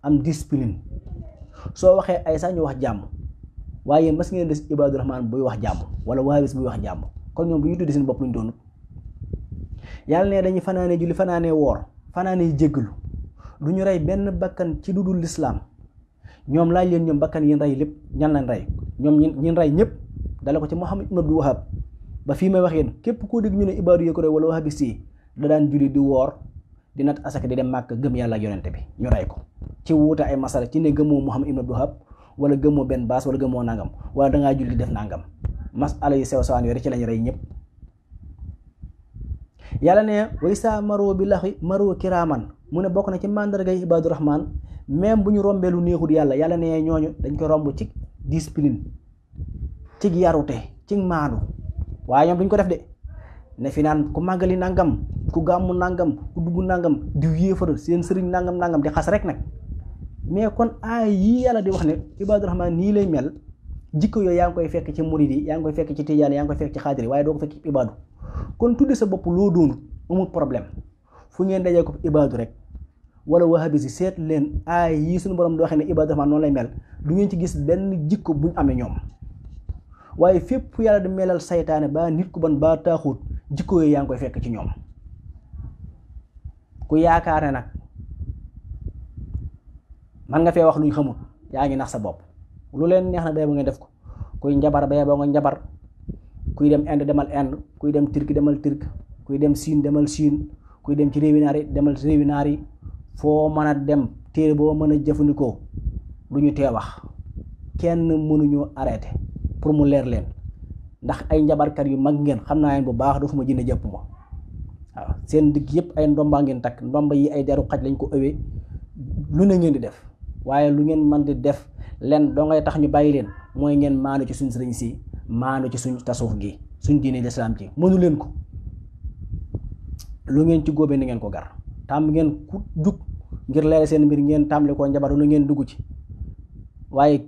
Speaker 1: am discipline soo waxee ay sax ñu wax jàmm waaye mas ngeen des ibaadu rahmaan buy wax jàmm wala waaris buy wax jàmm kon ñoom bu ñu tuddee seen bopp luñ doon yàlla ne dañuy fanaane julli fanaane woor fanaane jéggalu du ñu rey benn bakkan ci lu lislaam ñoom laaj leen ñoom bakkan yi rey lépp ñan lañ rey ñoom ñin rey ñëpp dala ko ci Muhammad ibn Abdul Wahab ba fii may wax yéen képp koo dégg ñu ne ibaadu yee ko rey wala wahabis yi da daan julli di woor di nat asaka di dem màkk gëm yàlla ak bi ñu rey ko ci wuute ay masala ci ne gëmoo Muhammad ibn Abdul Wahab wala gëmmoo benn baas wala gëmmoo nangam wala dangaa julli def nangam masala yu sew sawaan yooyu ci lañ rey ñëpp yàlla ne way saa maroo bi laxi maroo kiraaman mu ne bokk na ci màndargay ibaadu rahmaan même bu ñu rombee lu neexut yàlla yàlla ne ñooñu dañ ko romb ci discipline ci yarute ci maandu waaye ñoom duñ ko def de ne fi naan ku màggali nangam ku gàmmu nangam ku dugg nangam diw yéefar seen sëriñ nangam nangam di xas rek nag mais kon aay yii yàlla di wax ne ibaadu rahmaan nii lay mel jikko yooyu yaa ngi koy fekk ci murid yi yaa ngi koy fekk ci tijaan yaa ngi koy fekk ci xaadir yi waaye doo ko fekk ci ibaadu kon tudde sa bopp loo doonul problème fu ngeen dajee ko ibaadu rek wala wahabi si seet leen aay yii suñu borom di waxee ne ibaadu rahmaan lay mel du ngeen ci gis benn jikko buñ amee ñoom waaye fépp yàlla di melal saytaane ba nit ku bon ba taaxut jikko yaa ngi koy fekk ci ñoom ku yaakaar nag man nga fee wax luñ xamul yaa ngi nax sa bopp lu leen neex na bee ba nga def ko kuy njabar ba ba nga njabar kuy dem Inde demal Inde kuy dem Turki demal Turki kuy dem Siin demal Siin kuy dem ci réewi naar demal ci réewi naar yi foo mën a dem téere boo mën a jëfandikoo lu ñu tee wax kenn mënuñu arrêté pour mu leer leen ndax ay njabarkat yu mag ngeen xam naa leen bu baax doofu ma jënd jëpp ma waaw seen digg yëpp ay ndomba ngeen takk ndomb yi ay deru xaj lañ ko ëwee lu ne ngeen di def waaye lu ngeen mën di def leen doo ngay tax ñu bàyyi leen mooy ngeen maanu ci suñ sëriñ si maanu ci suñ tasawuf gi suñ diine lislaam ci mënu leen ko lu ngeen ci góobe ni ngeen ko gar tàmm ngeen ku jug ngir leeral seen mbir ngeen tàmbali koo njabar lu ngeen dugg ci waaye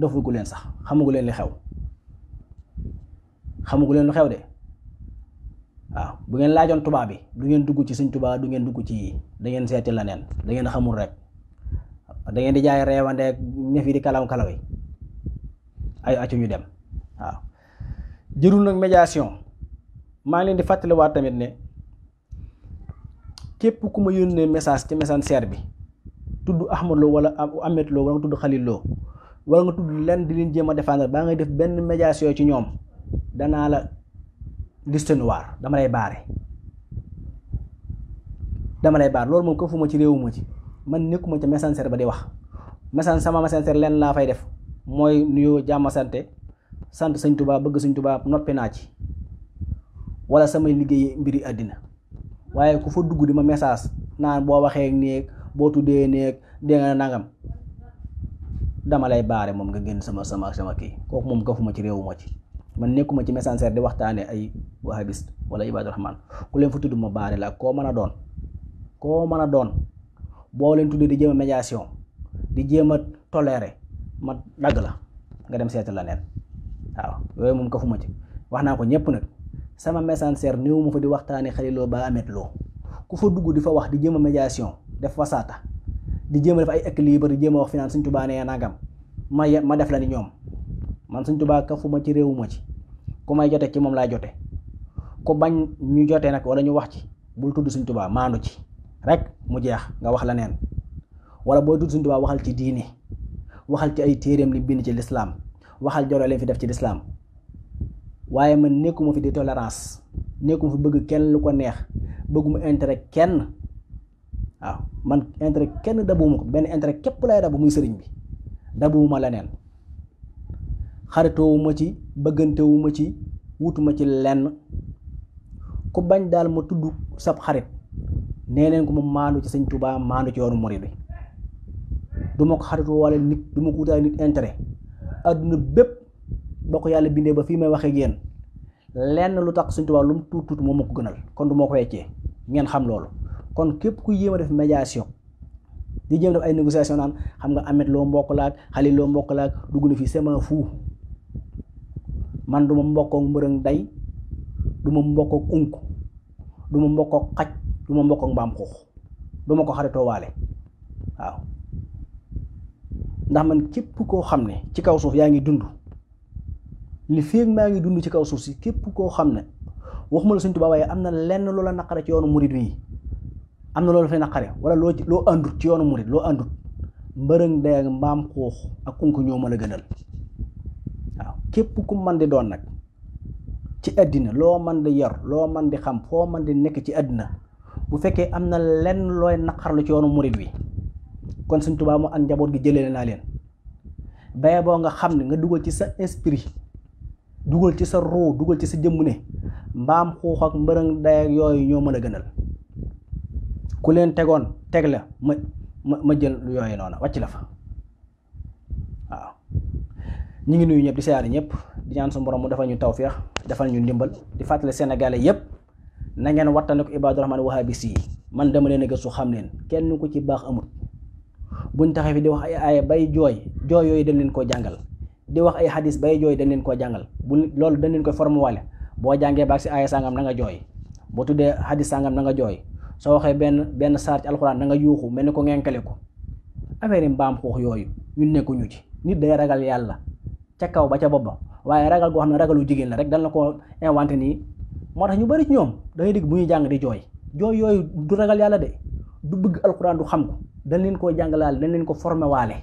Speaker 1: defagu leen sax xamagu leen li xew xamagu leen xew de waaw bu ngeen laajoon tubaab bi du ngeen dugg ci suñ tubaab du ngeen dugg ci yi da ngeen seeti leneen da ngeen xamul rek da ngeen di jaay reewande ne fi di kalaw kalaw yi ay acu ñu dem waaw jërul nag médiation maa ngi leen di fàttaliwaat tamit ne képp ku ma yónnee message ci Messenger bi tudd Ahmad Lo wala Amet Lo wala nga tudd di leen jéem a défendre baa ngay def benn médiation ci ñoom danaa la liste noire baare dama lay baar loolu moom ko ci réewu ci man nekkuma ci messenger ba di wax messenger sama messenger leen laa fay def mooy nuyoo jàmm sante sant sañ Tuubaa bëgg sëñ Tuubaa noppi naa ci wala sama liggéey mbiri àddina waaye ku fa dugg di ma message naan boo waxee néeg boo tuddee néeg dégg nga nangam dama lay baare moom nga génn sama sama sama kii kooku moom gafuma ci réewu ma ci man nekkuma ci messenger di waxtaane ay wahabist wala ibaadu rahmaan ku leen fu tudd ma baare laa koo mën a doon koo mën a doon boo leen tuddee di jéem médiation di jéem a toléré ma dagg la nga dem seetal la neen waaw yooyu moom kafuma ci wax naa ko ñëpp nag sama message néew ma fa di waxtaanee xaliloo ba amet loo ku fa dugg di fa wax di jéem a médiation def fasaata di jéem a def ay équilibre di jéem a wax finance suñ tubaa nee nangam ma ma def la ni ñoom man suñ tubaa kafuma ci réewuma ci ku may jote ci moom laa jote ku bañ ñu jote nag wala ñu wax ci bul tudd suñ tubaa maandu ci rek mu jeex nga wax la neen wala boo dul Sëriñ waxal ci diine waxal ci ay téeréem li bind ci lislaam waxal joroo leen fi def ci lislaam waaye man nekkuma fi di tolérance nekkuma fi bëgg kenn lu ko neex bëgguma intérêt kenn waaw man intere kenn dabuwuma ko benn intérêt képp lay dabu muy sëriñ bi dabuwuma leneen xaritowuma ci bëggantewuma ci wutuma ci lenn ku bañ daal ma tudd sab xarit nee leen ko mu maandu ci sëñ Tuubaa maandu ci yoonu murid bi du ma ko xaritoo wala nit du ma ko wutaale nit intérêt adduna bépp boo ko yàlla bindee ba fii may waxee ak yéen lenn lu tax sëñ Tuubaa lu mu tuut tuut moom ma ko gënal kon du ma ko weccee ngeen xam loolu kon képp ku yéem a def médiation di jéem def ay négociation naan xam nga amet loo mbokk laag xali loo mbokk laag dugg na fi sema fu man du ma mbokkook mbërëng day du ma mbokkook unk du mbokkook xaj du ma mbokk ak mbaam xuux du ma ko xaritoo towaale waaw ndax man képp koo xam ne ci kaw suuf yaa ngi dund li féeg maa ngi dund ci kaw suuf si képp koo xam ne waxuma la Sëñ Tuubaa waaye am na lenn la naqare ci yoonu murid yi am na loolu fay naqare wala loo loo àndut ci yoonu murid loo àndut mbërëng day mbaam xuux ak kunku ñoo ma gënal waaw képp ku man di doon nag ci àddina loo man di yor loo man di xam foo man di nekk ci àddina bu fekkee am na lenn looy naqarlu ci yoonu murit wi kon suñ Tuubaa mu ak njaboot gi jëlee naa leen baye boo nga xam ne nga dugal ci sa esprit dugal ci sa ruu dugal ci sa jëmm ne mbaam xuux ak mbërëng day ak yooyu ñoo mën a gënal ku leen tegoon teg la ma ma jël yooyu noonu wàcc la fa waaw ñu ngi nuyu ñëpp di seeyaane ñëpp di ñaan suñu borom mu defal ñu tawféex defal ñu ndimbal di fàttali Sénégalais yëpp. na ngeen wattandiku ibaadu rahmaan wahabis yi man dama leen a gëstu xam neen kenn ku ci baax amut buñ taxee fi di wax ay aaya bay jooy jooy yooyu dañ leen koo jàngal di wax ay xadis bay jooy dañ leen koo jàngal bu loolu dañ leen koy formuwaale boo jàngee baax si aaya sàngam na nga jooy boo tuddee xadis sàngam na nga jooy soo waxee benn benn saar ci alxuraan na nga yuuxu mel ni ko ngenkale ko affaire yi mbaam xuux yooyu ñun nekkuñu ci nit day ragal yàlla ca kaw ba ca bopp ba waaye ragal goo ragalu jigéen la rek dañ la ko inventé nii moo tax ñu bari ñoom da ngay bu ñuy jàng di jooy jooy yooyu du ragal yàlla de du bëgg alxuraan du xam ko dañ leen koo jàngalaale dañ leen ko formé waale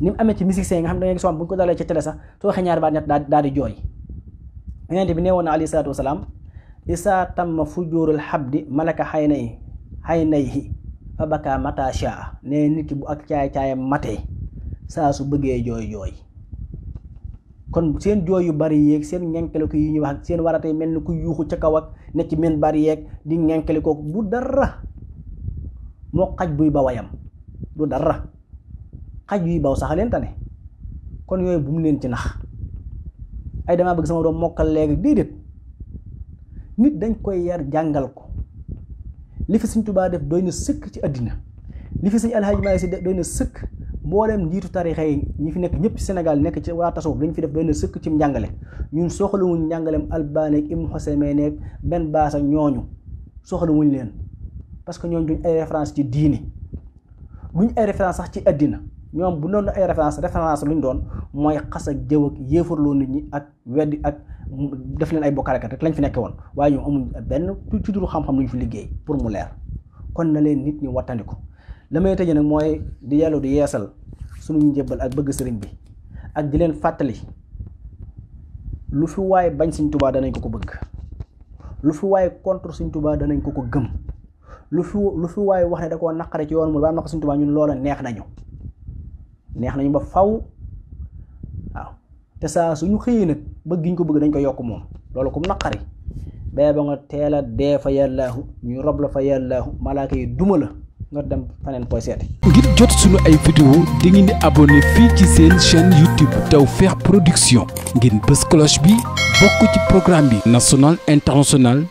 Speaker 1: ni mu amee ci musique yi nga xam ne da ngay gis bu ko dalee ci télé sax soo waxee ñaari baat ñett daal di jooy yonent bi nee woon na alayhi salaatu wasalaam isaa tamma malaka xay na yi xay na yi fa baka mata shaa nee nit ki bu ak caay caayam mate saa su bëggee jooy jooy kon seen jooy yu bari yeeg seen ngenkaliku yi ñuy wax ak seen waratee mel ni ku yuuxu ca kaw ak ne ci men bari yeeg di ngenkalikoo bu dara moo xaj buy ba wayam du dara xaj yuy baw sax leen tane kon yooyu bu mu leen ci nax ay damaa bëgg sama doom mokkal léegi déedéet nit dañ koy yar jàngal ko li fi Sëñ Tuubaa def doy na sëkk ci àddina li fi Sëñ Si doy na sëkk mbooleem njiitu tarixa yi ñi fi nekk ñëpp Sénégal nekk ci waa tasawuf dañ fi def benn sëkk ci njàngale ñun soxlawuñ njàngaleem Albani ak Ibn Usaymin ak benn baas ñooñu soxlawuñ leen parce que ñooñu duñ ay référence ci diini duñ ay référence sax ci àddina ñoom bu doon ay référence référence luñ doon mooy xas ak jëw ak yéefarloo nit ñi ak weddi ak def leen ay bokkaalekat rek lañ fi nekk woon waaye ñoom amuñ benn ci duru xam-xam luñ fi liggéey pour mu leer kon na leen nit ñi wattandiku la may tëje nag mooy di yellu di yeesal suñu njëbbal ak bëgg sëriñ bi ak di leen fàttali lu fi waay bañ Sëriñ Tuubaa danañ ko ko bëgg lu fi waay contre Sëriñ Tuubaa danañ ko ko gëm lu fi lu fi waay wax ne da koo naqare ci yoon mu ba am na ñun loola neex nañu neex nañu ba faw waaw te saa suñu xëyee nag bëgg ñu ko bëgg dañ ko yokk moom loolu kum naqari bee ba nga teel a dee fa yàllaahu ñu rob la fa yàllaahu malaaka yi duma la nga dem faneen koy seeti ngir jot sunu ay vidéo di ngeen di abonné fii ci seen chaîne YouTube feex Production ngeen bës cloche bi bokk ci programme bi national international